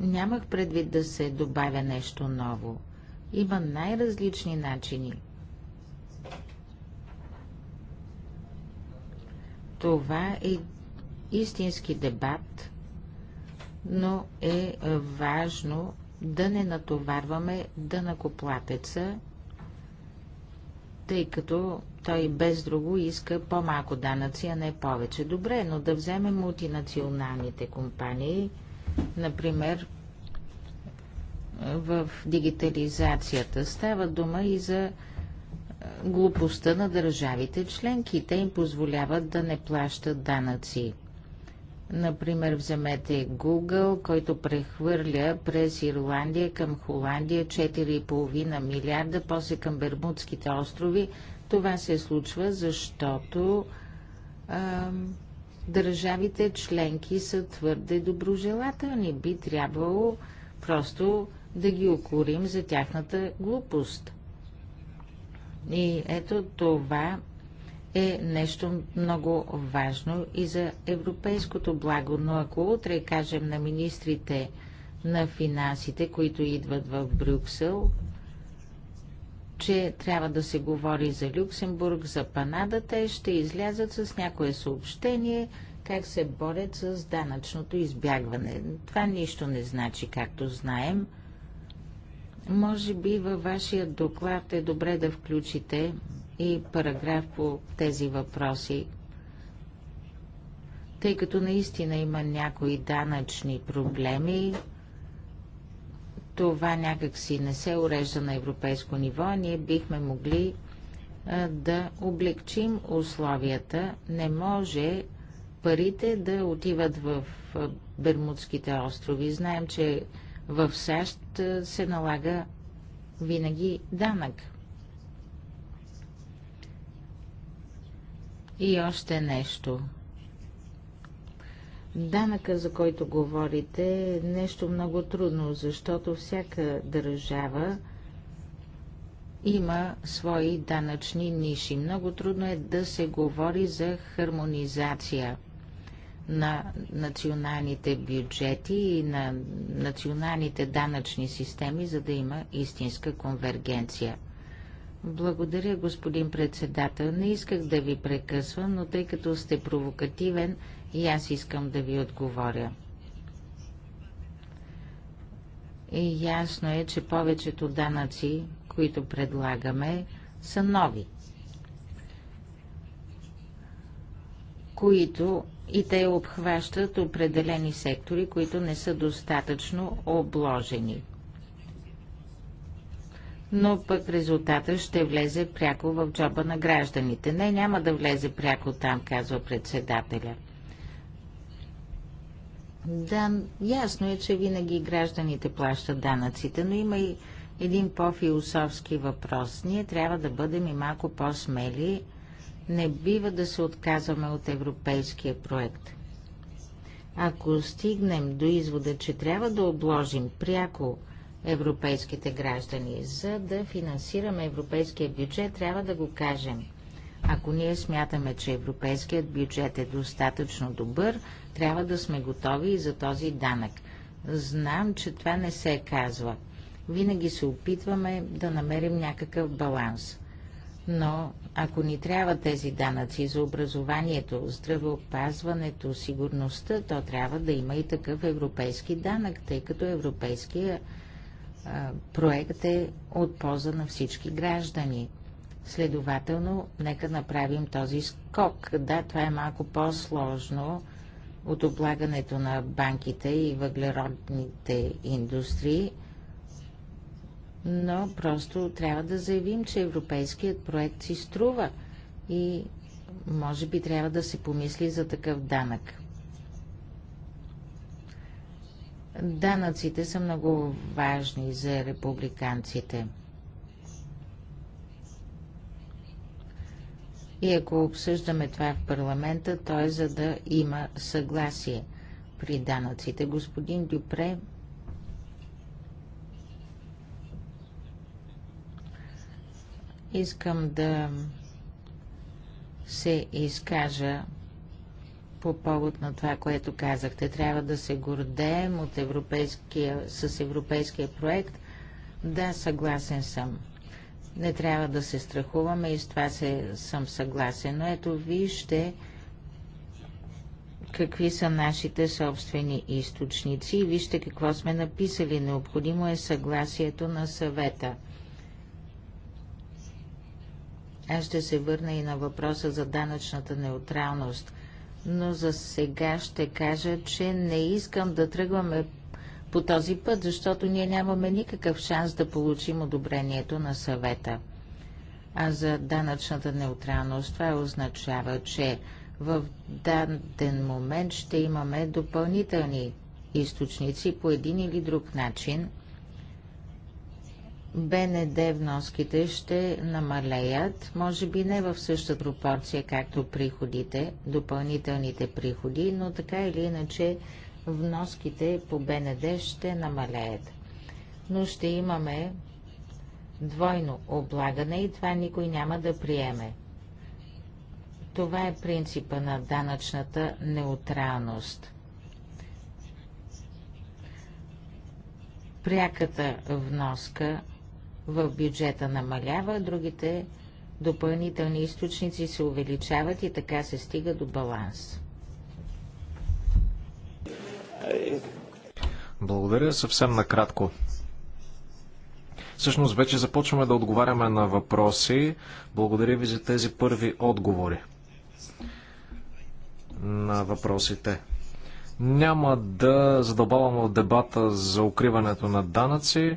Нямах предвид да се добавя нещо ново. Има най-различни начини. Това е истински дебат, но е, е важно да не натоварваме дънакоплатеца, тъй като той без друго иска по-малко данъци, а не повече. Добре, но да вземем мултинационалните компании, например в дигитализацията. Става дума и за е, глупостта на държавите членки. Те им позволяват да не плащат данъци. Например, вземете Google, който прехвърля през Ирландия към Холандия 4,5 милиарда, после към Бермудските острови. Това се случва, защото а, държавите членки са твърде доброжелателни. Би трябвало просто да ги окорим за тяхната глупост. И ето това е нещо много важно и за европейското благо. Но ако утре кажем на министрите на финансите, които идват в Брюксел, че трябва да се говори за Люксембург, за Панада, те ще излязат с някое съобщение, как се борят с данъчното избягване. Това нищо не значи, както знаем. Може би във вашия доклад е добре да включите и параграф по тези въпроси, тъй като наистина има някои данъчни проблеми. Това някакси не се урежда на европейско ниво, ние бихме могли да облегчим условията. Не може парите да отиват в Бермудските острови. Знаем, че в САЩ се налага винаги данък. И още нещо. Данъка, за който говорите, е нещо много трудно, защото всяка държава има свои данъчни ниши. Много трудно е да се говори за хармонизация на националните бюджети и на националните данъчни системи, за да има истинска конвергенция. Благодаря, господин председател. Не исках да ви прекъсвам, но тъй като сте провокативен, и аз искам да ви отговоря. И ясно е, че повечето данъци, които предлагаме, са нови, които и те обхващат определени сектори, които не са достатъчно обложени но пък резултата ще влезе пряко в джоба на гражданите. Не, няма да влезе пряко там, казва председателя. Да, ясно е, че винаги гражданите плащат данъците, но има и един по-философски въпрос. Ние трябва да бъдем и малко по-смели. Не бива да се отказваме от европейския проект. Ако стигнем до извода, че трябва да обложим пряко европейските граждани. За да финансираме европейския бюджет, трябва да го кажем. Ако ние смятаме, че европейският бюджет е достатъчно добър, трябва да сме готови и за този данък. Знам, че това не се казва. Винаги се опитваме да намерим някакъв баланс. Но ако ни трябва тези данъци за образованието, здравеопазването, сигурността, то трябва да има и такъв европейски данък, тъй като европейския проект е от полза на всички граждани. Следователно, нека направим този скок. Да, това е малко по-сложно от облагането на банките и въглеродните индустрии, но просто трябва да заявим, че европейският проект си струва и може би трябва да се помисли за такъв данък. Данъците са много важни за републиканците. И ако обсъждаме това в парламента, то е за да има съгласие при данъците. Господин Дюпре, искам да се изкажа по повод на това, което казахте. Трябва да се гордеем от европейския, с европейския проект. Да, съгласен съм. Не трябва да се страхуваме и с това се, съм съгласен. Но ето вижте какви са нашите собствени източници и вижте какво сме написали. Необходимо е съгласието на съвета. Аз ще се върна и на въпроса за данъчната неутралност – но за сега ще кажа, че не искам да тръгваме по този път, защото ние нямаме никакъв шанс да получим одобрението на съвета. А за данъчната неутралност това означава, че в даден момент ще имаме допълнителни източници по един или друг начин БНД вноските ще намалеят, може би не в същата пропорция, както приходите, допълнителните приходи, но така или иначе вноските по БНД ще намалеят. Но ще имаме двойно облагане и това никой няма да приеме. Това е принципа на данъчната неутралност. Пряката вноска в бюджета намалява, другите допълнителни източници се увеличават и така се стига до баланс. Благодаря. Съвсем накратко. Всъщност вече започваме да отговаряме на въпроси. Благодаря ви за тези първи отговори на въпросите. Няма да задълбавам в дебата за укриването на данъци.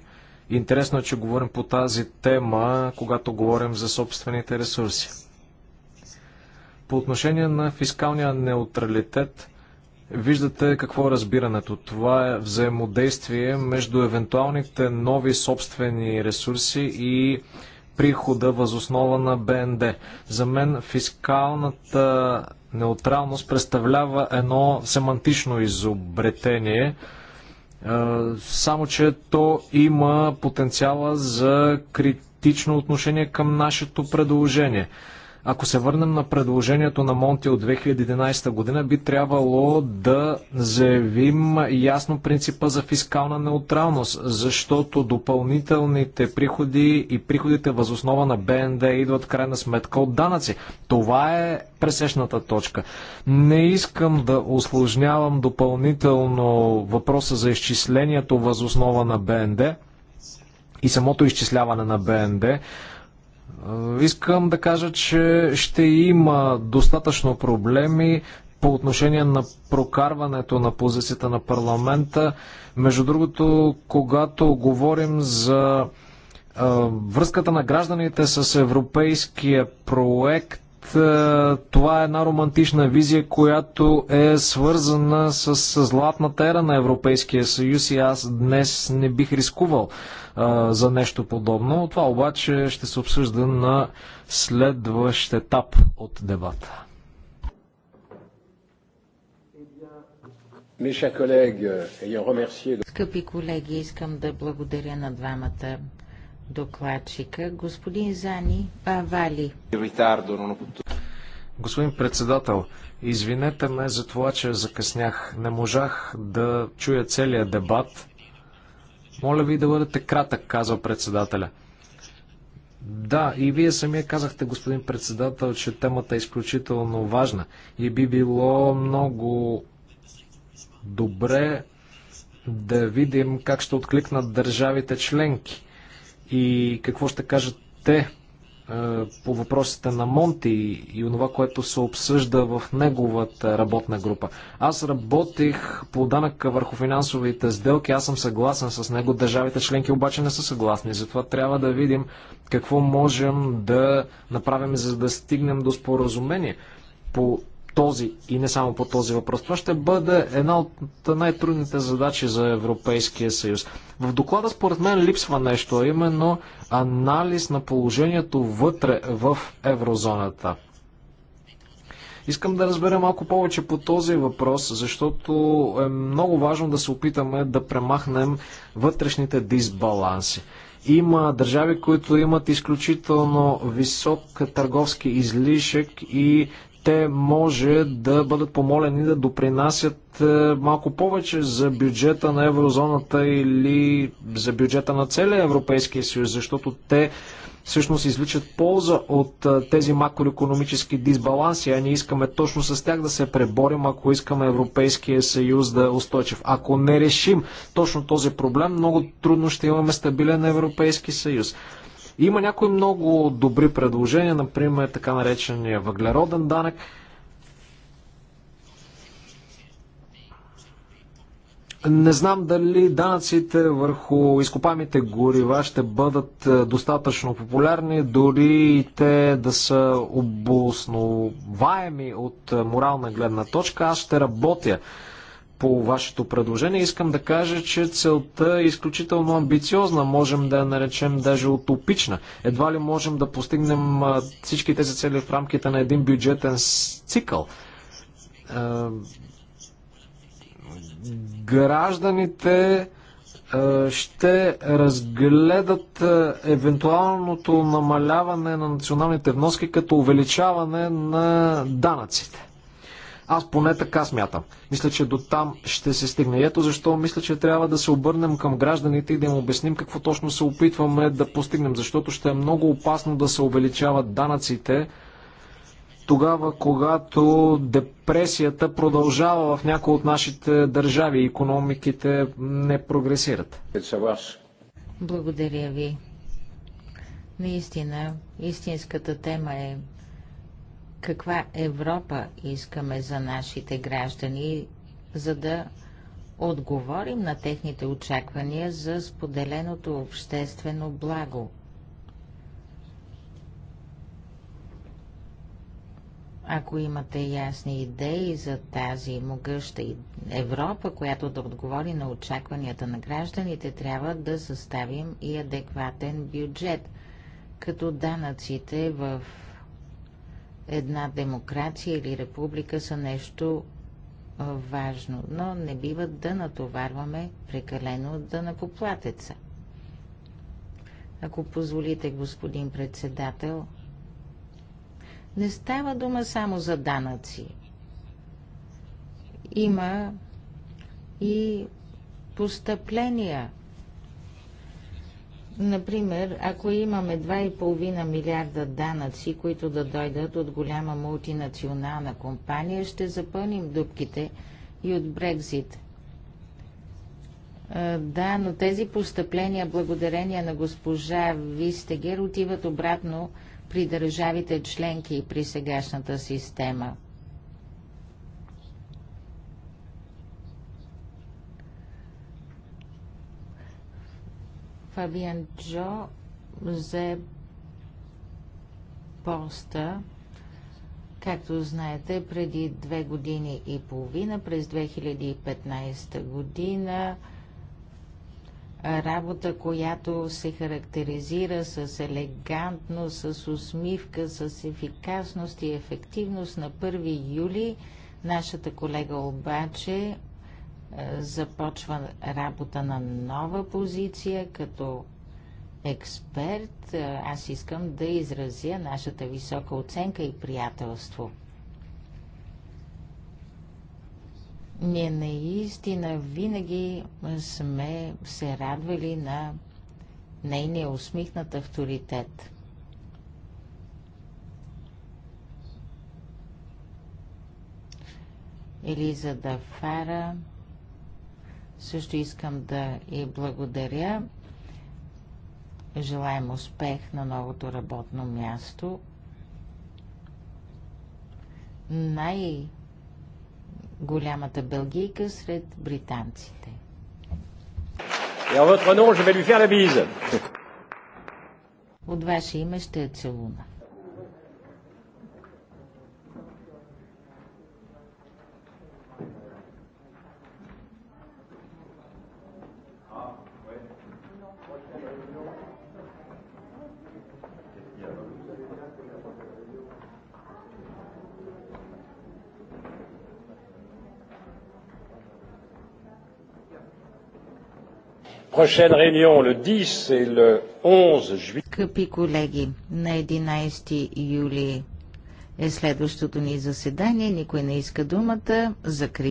Интересно е, че говорим по тази тема, когато говорим за собствените ресурси. По отношение на фискалния неутралитет, виждате какво е разбирането. Това е взаимодействие между евентуалните нови собствени ресурси и прихода възоснова на БНД. За мен фискалната неутралност представлява едно семантично изобретение – е, само че то има потенциала за критично отношение към нашето предложение. Ако се върнем на предложението на Монти от 2011 година, би трябвало да заявим ясно принципа за фискална неутралност, защото допълнителните приходи и приходите възоснова на БНД идват в крайна сметка от данъци. Това е пресечната точка. Не искам да осложнявам допълнително въпроса за изчислението възоснова на БНД и самото изчисляване на БНД. Е, искам да кажа, че ще има достатъчно проблеми по отношение на прокарването на позицията на парламента. Между другото, когато говорим за е, връзката на гражданите с европейския проект, е, това е една романтична визия, която е свързана с, златната ера на Европейския съюз и аз днес не бих рискувал е, за нещо подобно. Това обаче ще се обсъжда на следващ етап от дебата. Скъпи колеги, искам да благодаря на двамата докладчика, господин Зани Павали. Господин председател, извинете ме за това, че закъснях. Не можах да чуя целия дебат. Моля ви да бъдете кратък, казва председателя. Да, и вие самия казахте, господин председател, че темата е изключително важна и би било много добре да видим как ще откликнат държавите членки и какво ще кажат те е, по въпросите на Монти и онова, което се обсъжда в неговата работна група. Аз работих по данък върху финансовите сделки, аз съм съгласен с него, държавите членки обаче не са съгласни. Затова трябва да видим какво можем да направим, за да стигнем до споразумение по този и не само по този въпрос. Това ще бъде една от най-трудните задачи за Европейския съюз. В доклада според мен липсва нещо, а именно анализ на положението вътре в еврозоната. Искам да разбера малко повече по този въпрос, защото е много важно да се опитаме да премахнем вътрешните дисбаланси. Има държави, които имат изключително висок търговски излишък и те може да бъдат помолени да допринасят е, малко повече за бюджета на еврозоната или за бюджета на целия Европейския съюз, защото те всъщност извличат полза от е, тези макроекономически дисбаланси, а ние искаме точно с тях да се преборим, ако искаме Европейския съюз да е устойчив. Ако не решим точно този проблем, много трудно ще имаме стабилен Европейски съюз. Има някои много добри предложения, например така наречения въглероден данък. Не знам дали данъците върху изкопаемите горива ще бъдат е, достатъчно популярни, дори и те да са обосноваеми от е, морална гледна точка. Аз ще работя по вашето предложение. Искам да кажа, че целта е изключително амбициозна, можем да я наречем даже утопична. Едва ли можем да постигнем всички тези цели в рамките на един бюджетен цикъл. Гражданите ще разгледат евентуалното намаляване на националните вноски като увеличаване на данъците. Аз поне така смятам. Мисля, че до там ще се стигне. Ето защо мисля, че трябва да се обърнем към гражданите и да им обясним какво точно се опитваме да постигнем, защото ще е много опасно да се увеличават данъците тогава, когато депресията продължава в някои от нашите държави и економиките не прогресират. Благодаря ви. Наистина, истинската тема е каква Европа искаме за нашите граждани, за да отговорим на техните очаквания за споделеното обществено благо. Ако имате ясни идеи за тази могъща Европа, която да отговори на очакванията на гражданите, трябва да съставим и адекватен бюджет, като данъците в една демокрация или република са нещо важно, но не бива да натоварваме прекалено да накоплатеца. Ако позволите, господин председател, не става дума само за данъци. Има и постъпления – Например, ако имаме 2,5 милиарда данъци, които да дойдат от голяма мултинационална компания, ще запълним дупките и от Брекзит. Да, но тези постъпления, благодарение на госпожа Вистегер, отиват обратно при държавите членки и при сегашната система. Fabian Джо взе поста, както знаете, преди две години и половина, през 2015 година, работа, която се характеризира с елегантност, с усмивка, с ефикасност и ефективност на 1 юли. Нашата колега обаче е, започва работа на нова позиция като експерт. Е, аз искам да изразя нашата висока оценка и приятелство. Ние наистина винаги сме се радвали на нейния усмихнат авторитет. Елиза Дафара също искам да и благодаря. Желаем успех на новото работно място. Най-голямата бългийка сред британците. И en votre nom, je От ваше име ще е целуна. prochaine 10 11 Скъпи колеги, на 11 юли е следващото ни заседание. Никой не иска думата. Закри